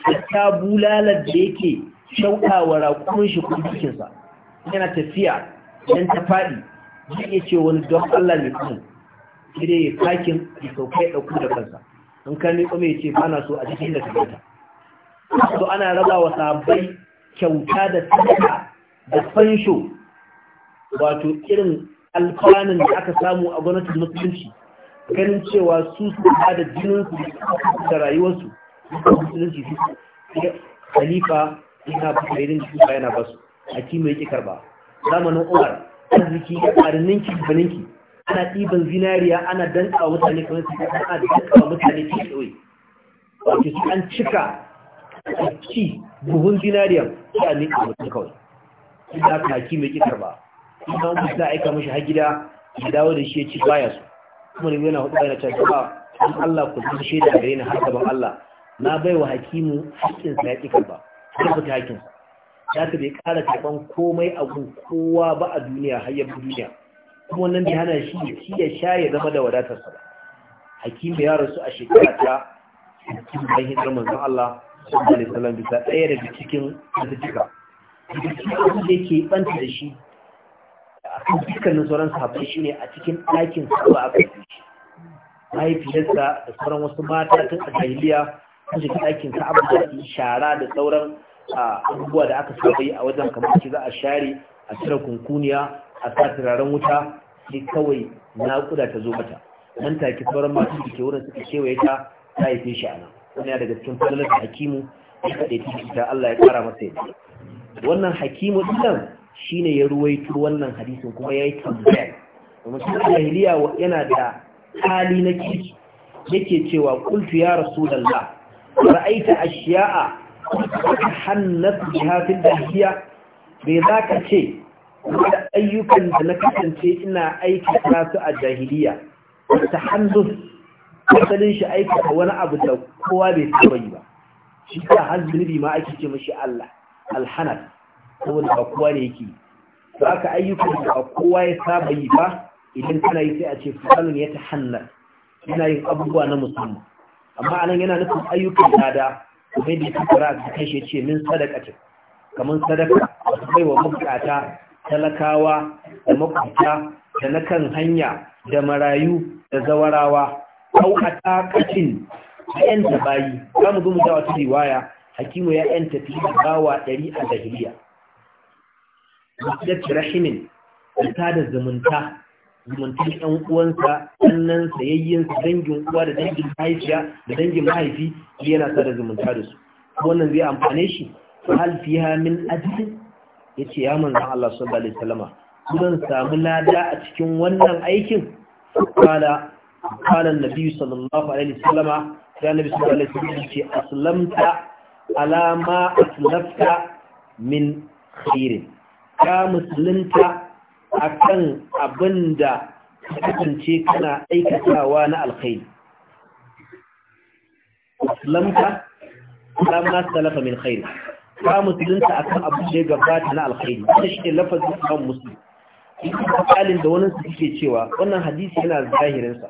hatta bulalar da yake shaukawa raƙumin shi ko yana tafiya yan ta faɗi zai iya ce wani don Allah ne kuma sai ya fakin ya sauƙai ɗauku da kansa in ka miƙo mai ce ba na so a cikin da kabata to ana raba wa sabai kyauta da sadaka da fansho wato irin alfanun da aka samu a gwamnatin musulunci ganin cewa su su ba da su da rayuwarsu da musulunci su khalifa yana ba da irin jikin yana ba su a kima karba zamanin umar arziki a ninki baninki ana ɗiban zinariya ana danka mutane kamar su kasa ana danka mutane ke tsoye wato su an cika ci buhun zinariya su a nika mutum kawai su da aka mai ba ma mutu za a aika mashi har gida ya dawo da shi ya ci baya su kuma ne yana hudu na cewa ba an Allah ku shi da gare ni har gaban Allah na bai wa hakimu sa ya ba. karba ya fita haƙƙinsa ya ta bai ƙara karɓan komai a kowa ba a duniya har yabi duniya kuma wannan bai hana shi ya ci ya sha ya zama da wadatar ba. hakim ya rasu a shekara ta cikin bayan hijirar manzon Allah sallallahu alaihi wasallam bisa ɗaya daga cikin azuka da cikin abin da yake banta da shi a kan dukkanin sauran sahabbai shine a cikin ɗakin sahaba a shi. mahaifiyarsa da sauran wasu mata tun a jahiliya sun shiga ɗakin sahaba da shara da sauran ah, abubuwa da aka saba a wajen kamar shi za a share a cire kunkuniya a sa turaren wuta sai kawai naƙuda ta zo mata nan take sauran masu da ke wurin suka kewaye ta ta haife shi a nan wani daga cikin fadalar hakimu ya kaɗe ta ita Allah ya ƙara masa yadda wannan hakimu shi shine ya ruwaito wannan hadisin kuma ya yi tambayar domin sun jahiliya yana da hali na kirki yake cewa kultu ya rasulallah ra'aita ashiya'a hannas biha fil dahiya bai za ka ce da ayyukan da na kasance ina aikata su a jahiliya ta hannun asalin shi aikata wani abu da kowa bai taba yi ba shi ta hanzunubi ma ake ce mashi Allah alhanar saboda ba kowa ne yake to aka ayyukan da ba kowa ya saba yi ba idan tana yi sai a ce fulanun ya ta hannar yana yin abubuwa na musamman amma anan yana nufin ayyukan tsada, kuma yadda ya fi kura a cikin shi ce min sadaka ce kamar sadaka wasu wa mabukata talakawa da makwabta da na kan hanya da marayu da zawarawa au a takacin da yanta bayi za mu zo mu riwaya hakimu ya yan tafi da bawa ɗari a zahiriya da rahimin da ta da zumunta zumuntar ‘yan uwansa, sannan sayayyinsa dangin uwa da dangin mahaifiya da dangin mahaifi yana da zumunta da su. Wannan zai amfane shi, hal fiha min ajiyar Ya ce ya manzon Allah sallallahu alaihi wasallama zan samu lada a cikin wannan aikin kala kala annabi sallallahu alaihi wasallama ya nabi sallallahu alaihi wasallama yace aslamta ala ma aslafta min khairin ka musulunta akan abinda kasance kana aikatawa na alkhairi aslamta alama ma min khairin ba musulunta akan abin da ya gabata na alkhairi wannan shi ne lafazin kan musulun kalin da wani suke cewa wannan hadisi yana zahirinsa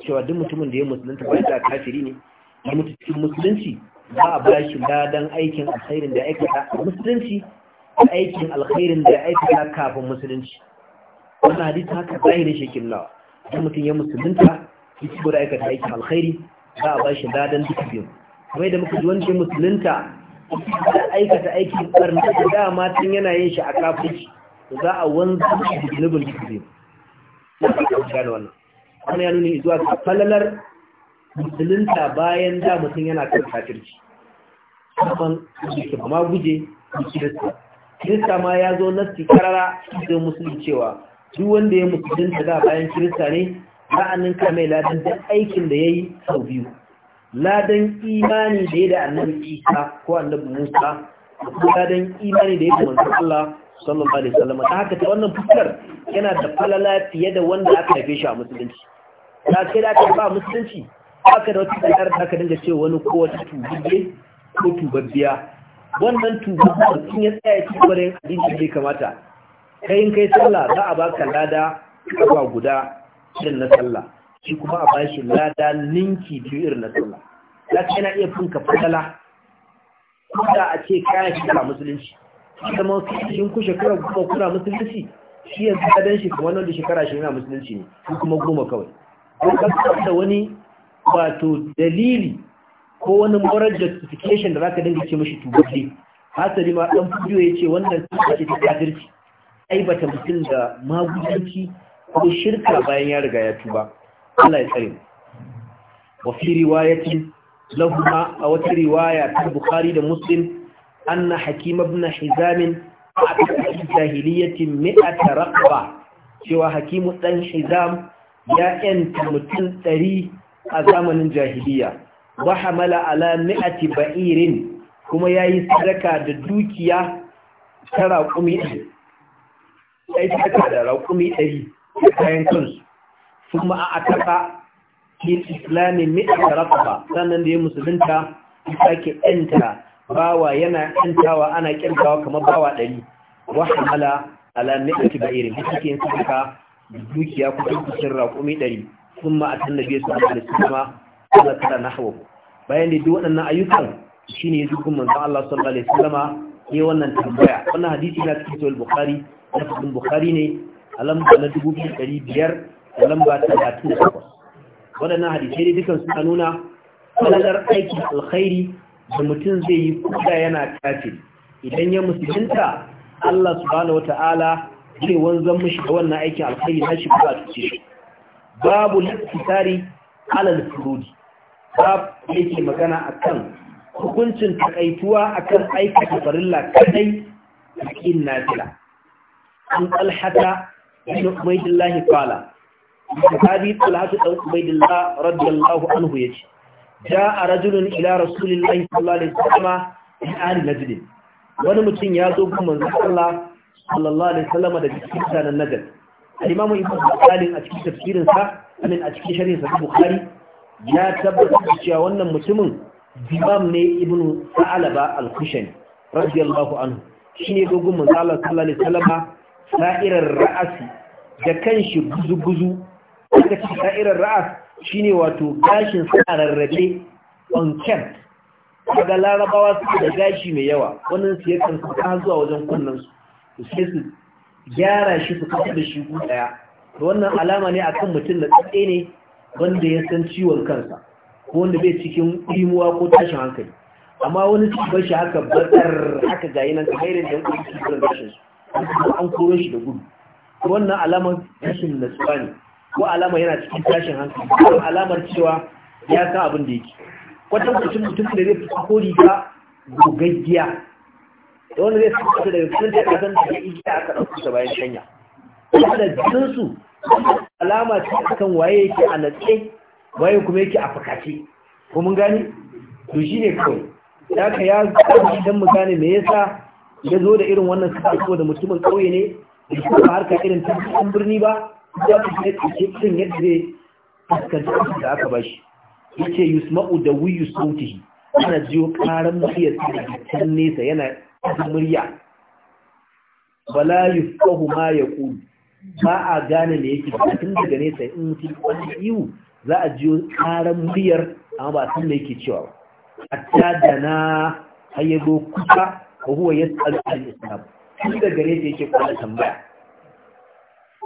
cewa duk mutumin da ya musulunta ba da kafiri ne ya mutu musulunci ba a ba shi ladan aikin alkhairin da ya aikata musulunci da aikin alkhairin da ya aikata kafin musulunci wannan hadisi haka zahirin shekin nawa duk mutum ya musulunta ya ci da aikata aikin alkhairi za a ba shi ladan duka biyu kamar da muka ji wani ya musulunta da aikata aikin barna da dama tun yana yin shi a kafin za a wanzu shi da zunubin da zai na wannan wani ya nuni zuwa ga falalar musulunta bayan da mutum yana kan kafirci kuma yake ma guje da kirista kirista ma ya zo na sikarara da musulun cewa duk wanda ya musulunta da bayan kirista ne za a ninka mai ladin da aikin da ya yi sau biyu ladan imani da ya da annabi isa ko annabi musa ko ladan imani da ya da manzon Allah sallallahu alaihi wasallam ta haka ta wannan fuskar yana da falala fiye da wanda aka haife shi a musulunci da kai da aka ba musulunci aka da wata tsayar da aka dinga cewa wani ko wata tubabbe ko tubabbiya wannan tubabbe sun ya tsaya cikin wurin abinci da kamata kai in kai sallah za a baka lada kafa guda irin na sallah shi kuma a bashi lada ninki biyu irin na sallah za ka yana iya funka fadala ko da a ce kayan shi ba musulunci shi zama sun ku shekara goma kuna musulunci shi ya yanzu dan shi kuma wannan da shekara shi yana musulunci ne shi kuma goma kawai ko ka da wani wato dalili ko wani moral justification da zaka dinga ce mishi tubaje hasali ma dan fudiyo ce wannan ce ta kafirci ai ta mutum da magudanci ko shirka bayan ya riga ya tuba Allah ya tsare wa fi lahuma a wata riwaya ta Bukhari da Muslim anna Hakim ibn Hizam a jahiliyatin mi'ata raqaba cewa Hakimu dan Hizam ya yanta mutum ɗari a zamanin jahiliya wa hamala ala mi'ati ba'irin kuma yayi sadaka da dukiya ta raƙumi ɗari ya da raƙumi ɗari kayan kansu ثم أعتقى في الإسلام مئة رقبة سنن دي مسلمتا يساكي أنت باوا ينا أنت وأنا كنت وكما باوا لي وحمل على مئة بئير بسكي انسكا دوكيا كتب سر وقومي دري ثم أتى النبي صلى الله عليه وسلم قال ترى نحوه bayan da duk waɗannan ayyukan shine yazo kuma manzo Allah sallallahu alaihi wasallama ne wannan tambaya wannan hadisi na cikin Bukhari na cikin Bukhari ne a lamba na 2500 da lamba talatin da takwas waɗannan hadisai ne dukan suna nuna falalar aikin alkhairi da mutum zai yi kuka yana kafin idan ya musulunta Allah subhanahu Ta'ala zai wanzan mashi da wannan aikin alkhairi na shi ba tuce shi babu littari alal furudi Babu yake magana akan hukuncin takaituwa akan aikata farilla kadai cikin nafila an alhata bin ubaidillahi qala sahabi talatu dan ubaidillah radiyallahu anhu yace jaa rajulun ila rasulillahi sallallahu alaihi wasallam min ahli najd wani mutum ya zo gun manzon Allah sallallahu alaihi wasallam da cikin sanan najd al-imamu ibnu qalim a cikin tafsirin sa amin a cikin sharhin sa bukhari ya tabbata cewa wannan mutumin imam ne ibnu sa'alaba al-kushani radiyallahu anhu shine dogon manzon Allah sallallahu alaihi wasallam sa'irar ra'asi da kanshi guzu-guzu daga cikin sa'irar ra'as shi ne wato gashin suna rarrabe on camp daga larabawa suke da gashi mai yawa wannan su ya kan zuwa wajen kunnen su sai su gyara shi su kafa da shi ku daya wannan alama ne akan mutum da tsaye ne wanda ya san ciwon kansa ko wanda bai cikin imuwa ko tashin hankali amma wani su bashi shi haka batar haka gayi nan kamar irin da su cikin gashin su an koro shi da gudu wannan alamar rashin natsuwa ne ko alama yana cikin tashin hankali ko alamar cewa ya san abin da yake kwatan mutum mutum da zai fi ko riga gogaggiya da wanda zai fita daga cikin da kasan da ya a aka ɗauko ta bayan shanya wanda jinsu alama ce akan waye yake a natse waye kuma yake a fakace ko mun gani to shine kawai da ka ya gani dan mu gane me yasa ya zo da irin wannan suka da mutumin kauye ne da kuma harka irin ta birni ba ka ya fi cikin yadda zai fuskanci da aka bashi yace yusma'u da wiyu sautihi ana jiyo karan muryar da can nesa yana murya wala yufahu ma yaqulu ba a gane me yake tun daga nesa in mutum wani iwu za a jiyo karan muryar amma ba san me yake cewa ba hatta da na hayyago kusa ko huwa yas'alu al-islam tun daga nesa yake kwana tambaya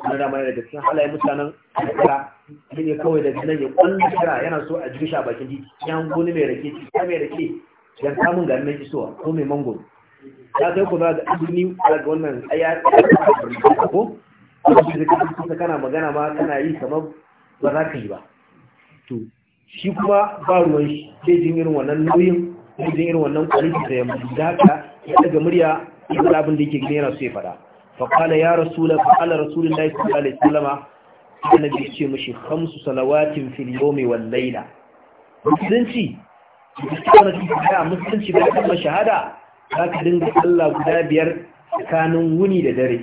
wani dama ne daga cikin halayen mutanen kara shi ne kawai daga nan ya kwallo shira yana so a jirgi a bakin titi ya goni ni mai rake ci ta mai rake yan samun ga nan isowa ko mai mangon ya kai ku za ga azumi ga wannan aya ko da kusa kana magana ma kana yi kamar ba za ka yi ba to shi kuma ba ruwan shi zai jin irin wannan nauyin zai jin irin wannan kwalifi da ya da haka ya daga murya ya abin da yake gina yana so ya fada faƙala ya rasula faƙala rasulun da ya faƙala da salama ya na bi ce mashi hamsu salawatin filiyomi wa laila musulunci a cikin wani cikin ya musulunci ba ta mashahada za ka dinga Sallah guda biyar tsakanin wuni da dare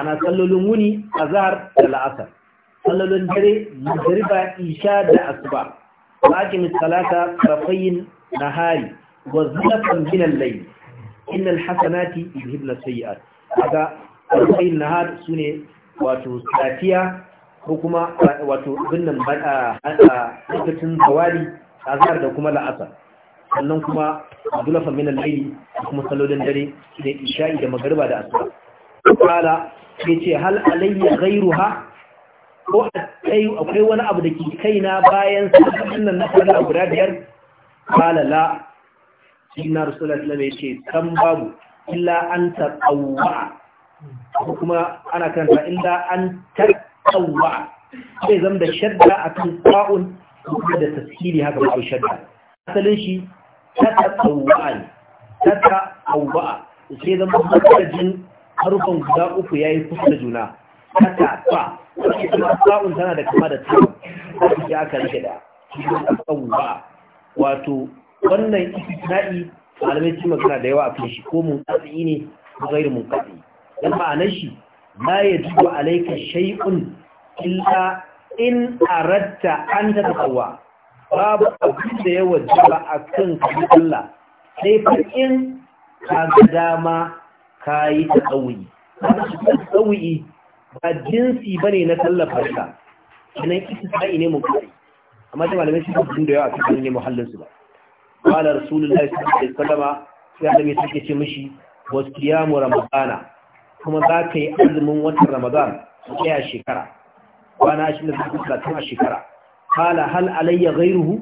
ana sallolin wuni a zahar da la'asar sallolin dare magariba isha da asuba lakin talata karfayin nahari wa zinafan binan lai innal hasanati yuhibna sayyi'at kaga na hada su ne wato safiya ko kuma wato binnan bada lokacin zawali azhar da kuma la'asar sannan kuma dulafa min al-layli kuma salolin dare da isha'i da magariba da asuba kala yace hal alayya ghayruha ko akwai akwai wani abu da ke kaina bayan sabbin nan na fara guda biyar kala la inna rasulullahi sallallahu alaihi wasallam yace kan babu illa an tatawwa kuma ana karanta inda an tattawa zai zama da shadda a kan sa'un kuma da tasiri haka ba shadda asalin shi tattawa ne tattawa sai zama matsajin harufan guda uku ya yi kusa da juna tattawa kuma sa'un tana da kama da tattawa ta fi aka rike da tattawa wato wannan istisna'i malamai sun magana da yawa a kan shi ko mun tsatsi ne ko gairu mun katsi dan ma'anar shi la yajibu alayka shay'un illa in aratta an ta tsawa babu abin da ya wajaba a kan Allah sai fa in ka ga dama kayi ta tsawi tsawi ba jinsi ba ne na tallafa ka sanan sa'i ne mu kai amma ta malamai su sun da yawa a cikin ne muhallinsu ba. ba qala rasulullahi sallallahu alaihi wasallam sai annabi yake ce mishi wa siyamu ramadana kuma za ka yi azumin watan ramadan ɗaya shekara kwana ashirin da talatin a shekara kala hal alayya gairuhu.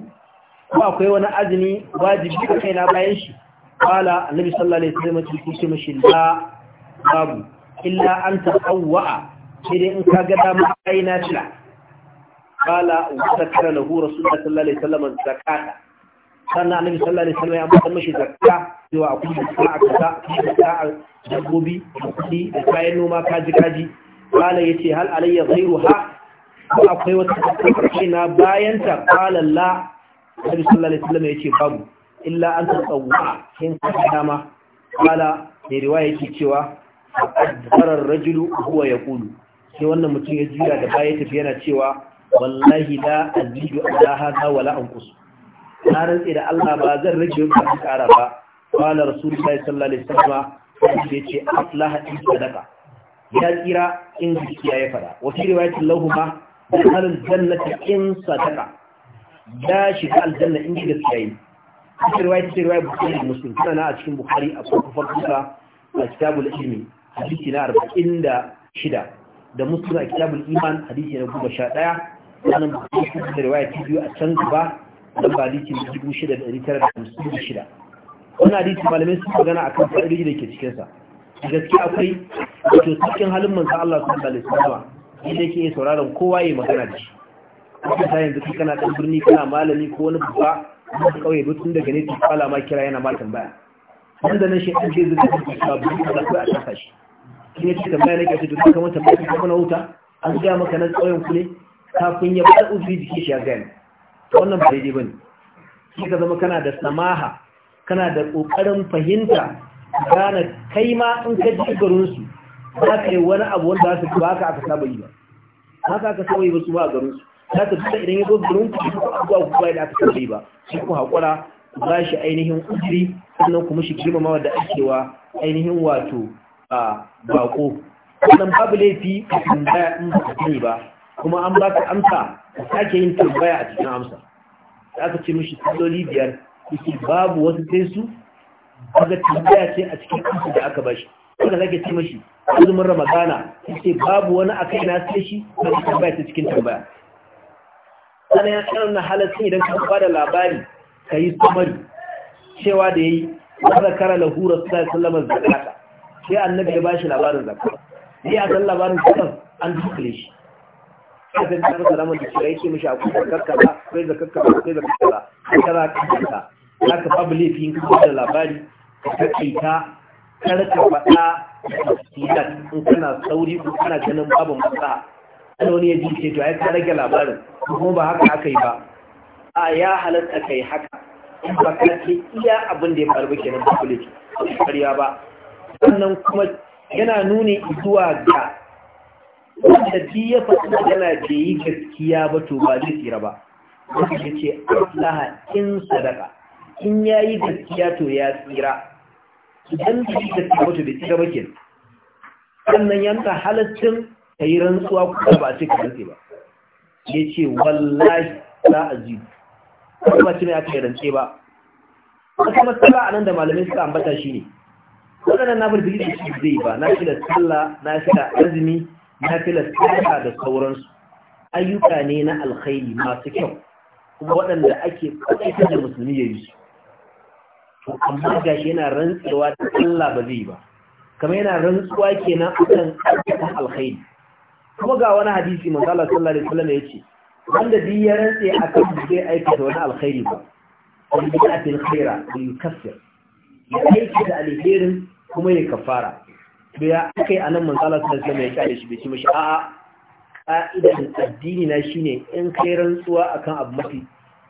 ko akwai wani azumi wajibi a kaina bayan shi kala annabi sallallahu alaihi wasallam ce ce mashi la babu illa an tatawwa sai dai in ka ga dama aina tila kala wa zakara lahu rasulullahi sallallahu alaihi wasallam zakata sannan annabi sallallahu alaihi wasallam ya ambata mashi zakka cewa akwai zakka a kasa, zakka a dabbobi da kuɗi da kayan noma kaji kaji qala yace hal alayya ha, ko akwai wata zakka kai na bayan ta qala la annabi sallallahu alaihi wasallam yace babu illa an tatawwa kasa dama kala mai riwaya yake cewa adbarar rajulu huwa kulu sai wannan mutum ya jira da baya tafi yana cewa wallahi la azidu ala hada wala anqus na rantse da Allah ba zan rage yin kafin kara ba rasul sai sallallahu alaihi wasallam sai ce aflaha in sadaka ya tsira in gaskiya ya fara wa fi riwayatin lahuma dakhala jannati in sadaka ya shiga aljanna in gaskiya yi fi riwayat sai riwayat bukhari muslim kana a cikin bukhari a cikin kusa a kitabul ilmi hadisi na 46 da muslim a kitabul iman hadisi na 11 wannan bukhari da riwayat biyu a can gaba don ba hadisi na dubu shida da ɗari tara da hamsin da shida wannan hadisi malamai sun magana a kan fa'idoji da ke cikinsa gaske akwai wato cikin halin manzan Allah sun da lissama inda yake iya sauraron kowa ya magana da shi kuma ta yanzu kana ɗan birni kana malami ko wani babba wani ƙauye ba tun daga ne su kwala ma kira yana matan baya nan da nan shi ɗan zai zuba da shi abu da kawai a tafa shi shi ne ce tambaya na kyautu duka kamar tambaya ta kuma na wuta an gaya maka nan ƙauyen ku ne kafin ya bada uzuri jiki shi ya gani wannan ba daidai ne shi ka zama kana da samaha kana da ƙoƙarin fahimta gane kai ma in ka ji garin su za ka yi wani abu wanda za su ba ka aka saba yi ba ka aka saba yi ba su ba a garin su za ka duka idan ya zo garin ku ku abuwa ku kuma da aka saba yi ba shi ku haƙura ba shi ainihin ujiri sannan kuma shi girmamawa da wa ainihin wato a bako wannan babu laifi ka tambaya in ba ka sani ba kuma an ba ka amsa ka sake yin tambaya a cikin amsa aka ce mishi tsalloli biyar yake babu wasu sai su daga tambaya ce a cikin kansu da aka bashi wanda zake ce mishi azumin ramadana yake babu wani a kai na sai shi kaga tambaya ce cikin tambaya sannan ya tsanar na halaccin idan ka bada labari ka yi samari cewa da ya yi wanda kara lahura su sai sallama zakata sai annabi ya bashi labarin zakata sai a san labarin zakata an dukule shi sai ka da salamun da kira yake mishi a kusa karkata akwai zakar ka akwai zakar ka kara kanka za ka babu laifin kuma da labari ka kaita karka faɗa tafsirat in kana sauri ko kana ganin babu maslaha ana wani ya ji ce to ai ka rage labarin kuma ba haka aka yi ba a ya halatta kai haka in ba ka ce iya abin da ya faru ba kenan babu ƙarya ba sannan kuma yana nuni zuwa ga wanda ya faɗi magana da yi gaskiya ba to ba zai tsira ba wanda ya ce aflaha in sadaka in ya yi gaskiya to ya tsira idan da yi gaskiya wato bai tsira ba kenan sannan yanka halaccin ta yi rantsuwa kuma ba ce ka rantse ba ya ce wallahi za a ji kuma ce mai aka yi rantse ba wata matsala a nan da malamai suka ambata shi ne waɗannan na farfi da shi zai ba na fi da sallah na fi da azumi na fi da sallah da sauransu ayyuka ne na alkhairi masu kyau kuma waɗanda ake kwaɗaita da musulmi ya yi su amma ga shi yana rantsuwa da Allah ba zai ba kamar yana rantsuwa kenan akan ayyukan alkhairi kuma ga wani hadisi manzo Allah sallallahu alaihi wasallam ce, wanda duk ya rantse akan zai aikata wani alkhairi ba wani fil khaira wa kafir ya aiki da alherin kuma ya kafara to ya kai anan manzo Allah sallallahu alaihi wasallam ya ce shi bai ci mishi a'a ka'idan addini na shine in kai rantsuwa akan abu mafi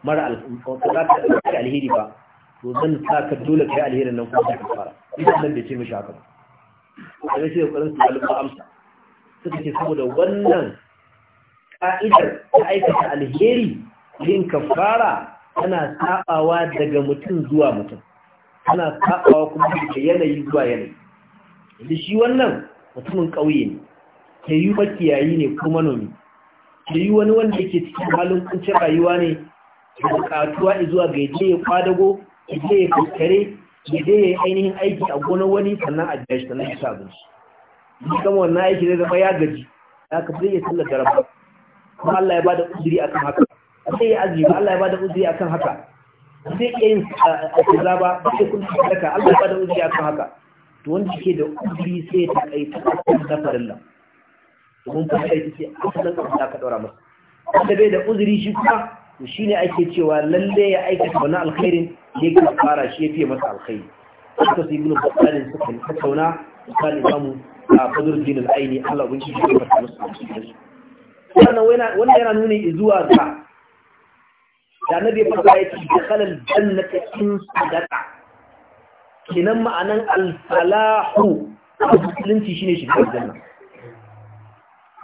mara alheri ba to zan sa ka dole kai alherin nan kuma ka fara idan nan da ce mashi haka yi shi da ƙwarin su alfa amsa suka ce saboda wannan ƙa'idar ta aikata alheri yin fara, tana saɓawa daga mutum zuwa mutum tana sabawa kuma da yanayi zuwa yanayi da shi wannan mutumin ƙauye ne ta yi makiyayi ne ko manomi ta yi wani wanda yake cikin halin kuncin rayuwa ne da bukatuwa zuwa ga yaje ya kwadago yaje ya fuskare yaje ya yi ainihin aiki a gonar wani sannan a jashi sannan ya sabu shi ni kama wannan aiki zai zama ya gaji ya ka zai iya sallar garaba kuma Allah ya ba da uzuri akan haka A zai yi azumi Allah ya ba da uzuri akan haka zai iya yin kaza ba sai kuma sadaka Allah ya ba da uzuri akan haka to wanda ke da uzuri sai ya takaita a kan nafarin Allah domin fa kai take asalin abin da aka ɗora masa wanda bai da uzuri shi kuma to ne ake cewa lalle ya aikata wani alkhairin ne ka fara shi ya fiye masa alkhairi haka yi ibnu bukhari suka tattauna misali samu a fadruddin al-aini Allah ne ya masu masu wannan wannan yana nuni zuwa ga da na annabi ya fara yace dakhalal jannata in sadaka kinan ma'anan al-falahu musulunci shine shiga aljanna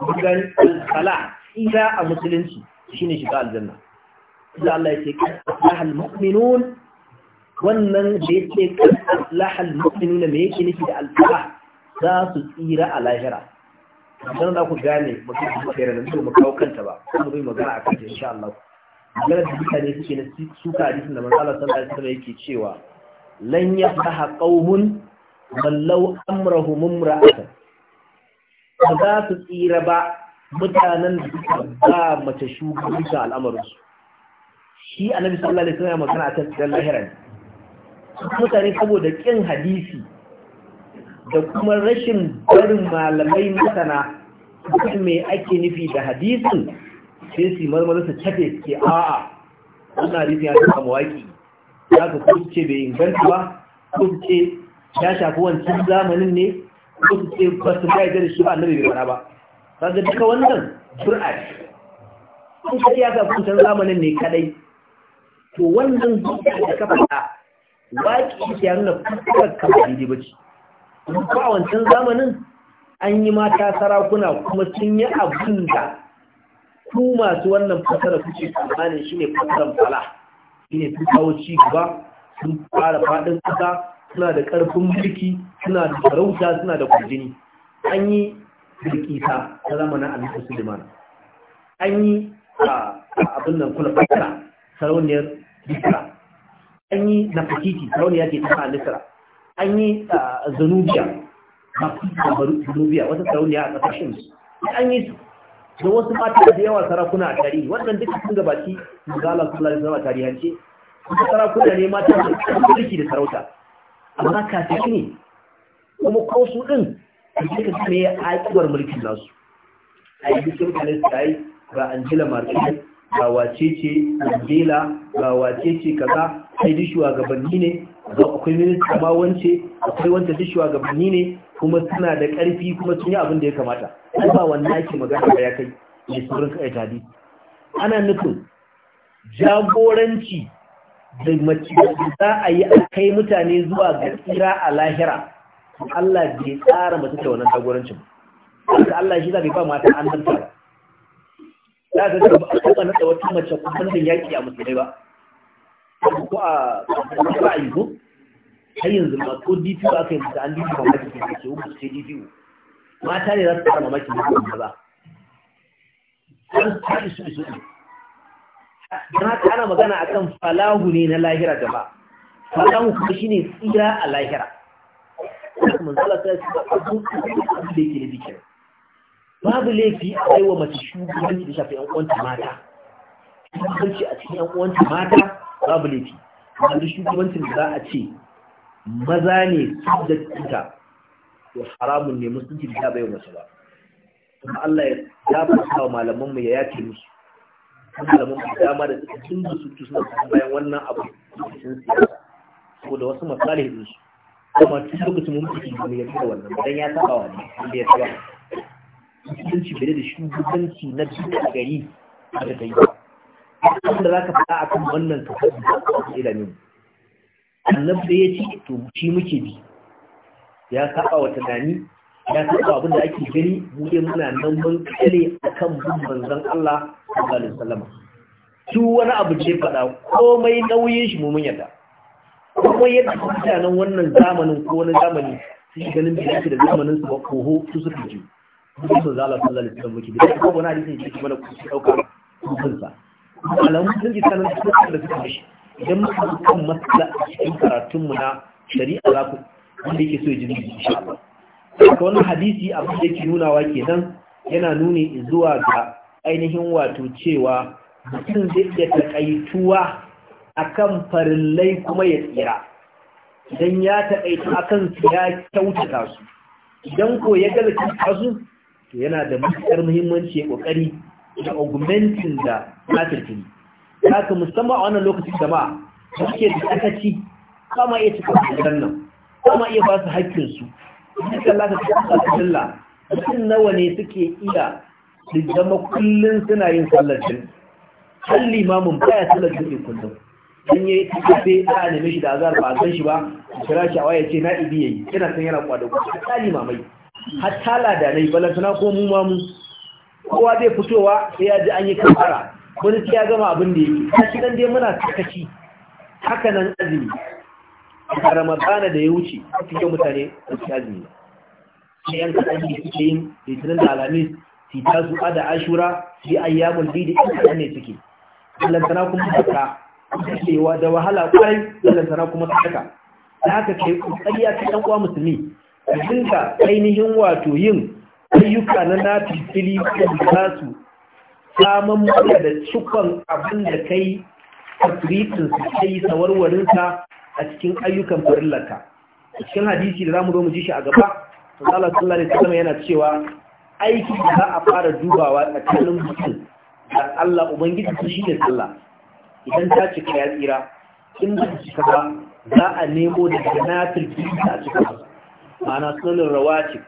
bugan al-sala ila a musulunci shine shiga aljanna da Allah yake lahal mu'minun wannan da yake lahal mu'minuna me yake nufi da al za su tsira a lahira dan da ku gane mutum da kare nan mu kawo kanta ba mu yi magana akan ta insha Allah magana da mutane suke na suka hadisin da manzo Allah sallallahu alaihi wasallam yake cewa lan yafha qaumun man law amrahum imra'atan ba za su tsira ba mutanen da suka ba mace shugabanci al'amarinsu shi annabi sallallahu alaihi wasallam magana akan dan lahiran mutane saboda kin hadisi da kuma rashin barin malamai masana kuma me ake nufi da hadisin sai su marmarin su cafe ke a'a wannan hadisi ya taɓa mawaƙi za ka kuce bai inganta ba kuce ya shafi wancan zamanin ne ko su ce ba su ga da shi ba annabi bai fara ba kaga duka wannan sur'a ce kun ka ya ga kun zamanin ne kadai to wannan zuciya da ka faɗa waƙi ya nuna fuskar ka ba daidai ba ce. a wancan zamanin an yi mata sarakuna kuma sun yi abin da ku masu wannan fasara kuke tsammanin shi ne fasaran fala shi ne sun kawo ci gaba sun fara faɗin ƙasa suna da ƙarfin mulki suna da sarauta suna da kujini an yi bilkisa ta zama na annabi suleiman an yi abin nan kula bakara sarauniyar bisra an yi nafakiti sarauniya ke tafa nisra an yi zanubiya zanubiya wata sarauniya a ƙasashen an yi da wasu mata da yawa sarakuna a tarihi wannan duka sun gabaci zala sallallahu alaihi wasallam tarihance sarakuna ne mata da sarauta amma kafirai ne kuma ko ɗin, din da ka ne a kibar mulkin nasu a yi bikin palestine ga angela merkel ga wace ce angela ga wace ce kaza sai duk shugabanni ne ga akwai minista ma wance akwai wanta duk shugabanni ne kuma suna da ƙarfi kuma sun yi abin da ya kamata ba wannan ake magana ba ya kai mai saurin kai tali ana nufin jagoranci da mace za a yi a kai mutane zuwa ga tsira a lahira Allah bai tsara mace da wannan jagorancin ba Allah shi za ba mata an danta ba za ka ga ba a taɓa nasa wata mace kuma da yaƙi a musulai ba ko a ra'ayi ko har yanzu ma ko DPO aka yi mata an DPO ba mace ke ke ko ce DPO mata ne za su tsara mamaki ne ba ba su tashi su isu ne don haka ana magana akan falahu ne na lahira da ba? falahu kuma shi ne tsira a lahira kuma zala su abu da babu laifi a kai wa mace shugabanci da shafi yan uwanta mata shugabanci a cikin yan uwanta mata babu laifi da shugabancin da za a ce maza ne su da cuta ko haramun ne musulunci da bai wa mace ba kuma Allah ya dafa wa malaman mu ya yace musu malaman da dama da suka tun da su suna bayan wannan abu cikin siyasa ko da wasu misali da su kuma tun lokacin mun fiti mun yarda da wannan dan ya saba wa ne da ya saba mutunci bai da shugabanci na duka gari a da kai abin da za ka faɗa akan wannan ka faɗi da ilimi annabi da ya ce to shi muke bi ya saba wa tunani ya saba abin da ake gani mu dai muna nan mun kale akan bin manzon Allah sallallahu su wani abu ce fada komai nauyin shi mun yarda kuma yadda mutanen wannan zamanin ko wani zamani su shi ganin bilashi da zamanin su koho su suka ji su zala sallallahu alaihi wasallam muke ko wani hadisi ne ke mana ku dauka kun sa alamun sun ji sanan su da suka mishi idan muka kan matsala a cikin karatun mu na shari'a za ku wanda yake so ya ji insha Allah ka wannan hadisi abin da yake nunawa kenan yana nuni zuwa ga ainihin wato cewa mutum zai iya taƙaituwa akan farillai kuma ya tsira idan ya taƙaitu a kansu ya kyautata su idan ko ya gaza kyautata su to yana da matuƙar muhimmanci ya ƙoƙari da augmentin da kafirkini kaka musamman a wannan lokacin jama'a da suke da sakaci kama iya cika kudin nan kama iya ba su haƙƙinsu dukkan mutum nawa ne suke iya su zama kullum suna yin sallar har limamin baya sallar jin kullum yi yayi tafi a neme shi da azar ba a san shi ba kira shi a waya ce na ibi yayi yana san yana kwado hatta limamai hatta ladanai balantana ko mu ma mu kowa zai fitowa sai ya ji an yi kafara wani sai ya gama abin da yake kashi nan dai muna sakaci haka nan azumi a ramadana da ya wuce a cikin mutane da su azumi sai yan kaɗan da suke yin litinin da alamis fi zuwa da ashura fi ayyamul bidi in ne suke lantana kuma haka cewa da wahala kwarai lantana kuma haka da haka kai kokari a cikin uwa musulmi ka dinga ainihin wato yin ayyuka na nafili da za su saman mutum da cikon abin da kai tafrikin su kai ka a cikin ayyukan farillarka cikin hadisi da zamu zo mu ji shi a gaba Allah sallallahu alaihi wasallam yana cewa aiki da za a fara dubawa tsakanin mutum da Allah Ubangiji su shi ne sallah idan ta cika ya tsira in ba cika ba za a nemo da ganatar da a cika ba ma'ana sallar rawaci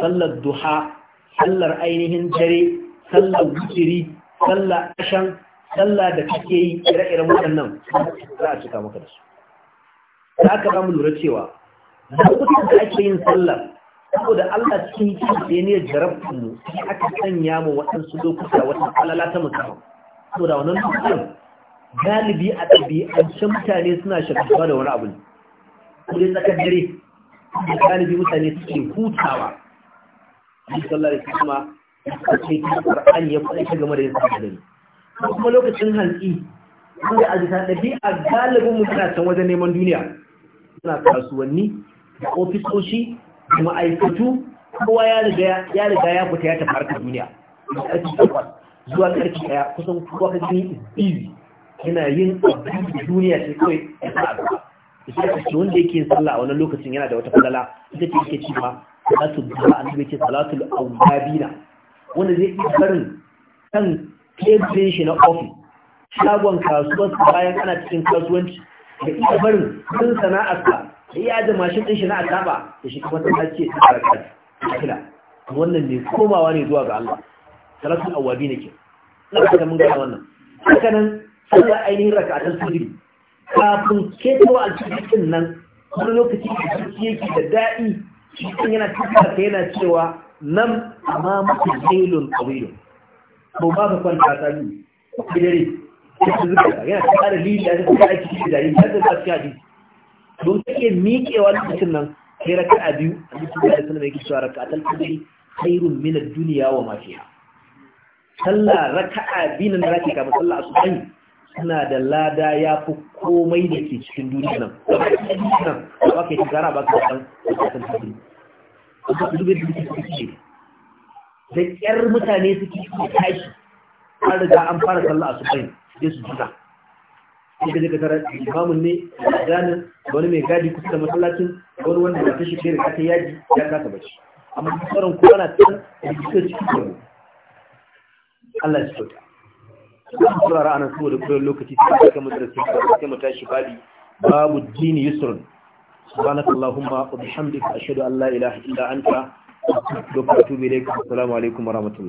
sallar duha sallar ainihin dare sallar wutiri sallar ashan sallar da kake yi ire-iren waɗannan za a cika maka da su za ka ba mu lura cewa lokutan da ake yin sallar saboda Allah cikin kinsa ne jarabta mu sai aka sanya mu waɗansu lokuta wata alala ta musamman saboda wannan lokacin galibi a ɗabi'ance mutane suna shagaltuwa da wani abu ne Kuma kudin tsakar dare da galibi mutane suke hutawa Abu sallar da kuma ya ce ta Qur'an ya faɗa game da yin sallah dare kuma lokacin hantsi wanda a bisa ɗabi'a galibin mutane wajen neman duniya suna kasuwanni da ofisoshi ma'aikatu kowa ya riga ya fita ya tafi harkar duniya da ƙarfi takwas zuwa ƙarfi ɗaya kusan kowa ka gani izi yana yin abin duniya sai kawai ya sa a gaba ita ce wanda yake yin sallah a wannan lokacin yana da wata falala ita ce yake ci ma salatu a annabi ce salatul awabina wanda zai iya barin kan teburin shi na ofis shagon kasuwarsa bayan ana cikin kasuwanci da iya barin sun sana'arsa iya da mashin din shi na azaba da shi kuma ta ce ta barka kira wannan ne komawa ne zuwa ga Allah salatul awabi nake Na ga mun ga wannan haka nan sallar ainihin raka'atul sujud kafin a cikin nan wani lokaci da yake da daɗi shi yana tafiya ta yana cewa nan amma mafi zailun ƙawilun ko ba ka kwanta ta biyu gidare yana ƙara lili a cikin aiki da da ta cikin hadisi don kake miƙewa lokacin nan kai raka a biyu a cikin da sunan yake cewa raka atal kadari khairun min ad-dunya wa ma fiha sallah raka'a biyu nan da kake kafin sallah asubai suna da lada ya fi komai da ke cikin duniya nan nan ba ka yi gara ba ka san san tafi ba duk da duk suke da kyar mutane suke tashi an riga an fara sallah asubai sai su jira sai ka tara imamun ne zanin wani mai gadi kusa da masallacin wani wanda ba ta shi da ka yaji ya kasa bace amma tsaron kuma na tsan da suka ciki da mu Allah ya tsota kuma turara anan saboda koyon lokaci sai ka kama darasin da sai mu tashi babi babu dini yusrun سبحانك اللهم وبحمدك أشهد أن لا إله إلا أنت wa وأتوب إليك السلام عليكم ورحمة الله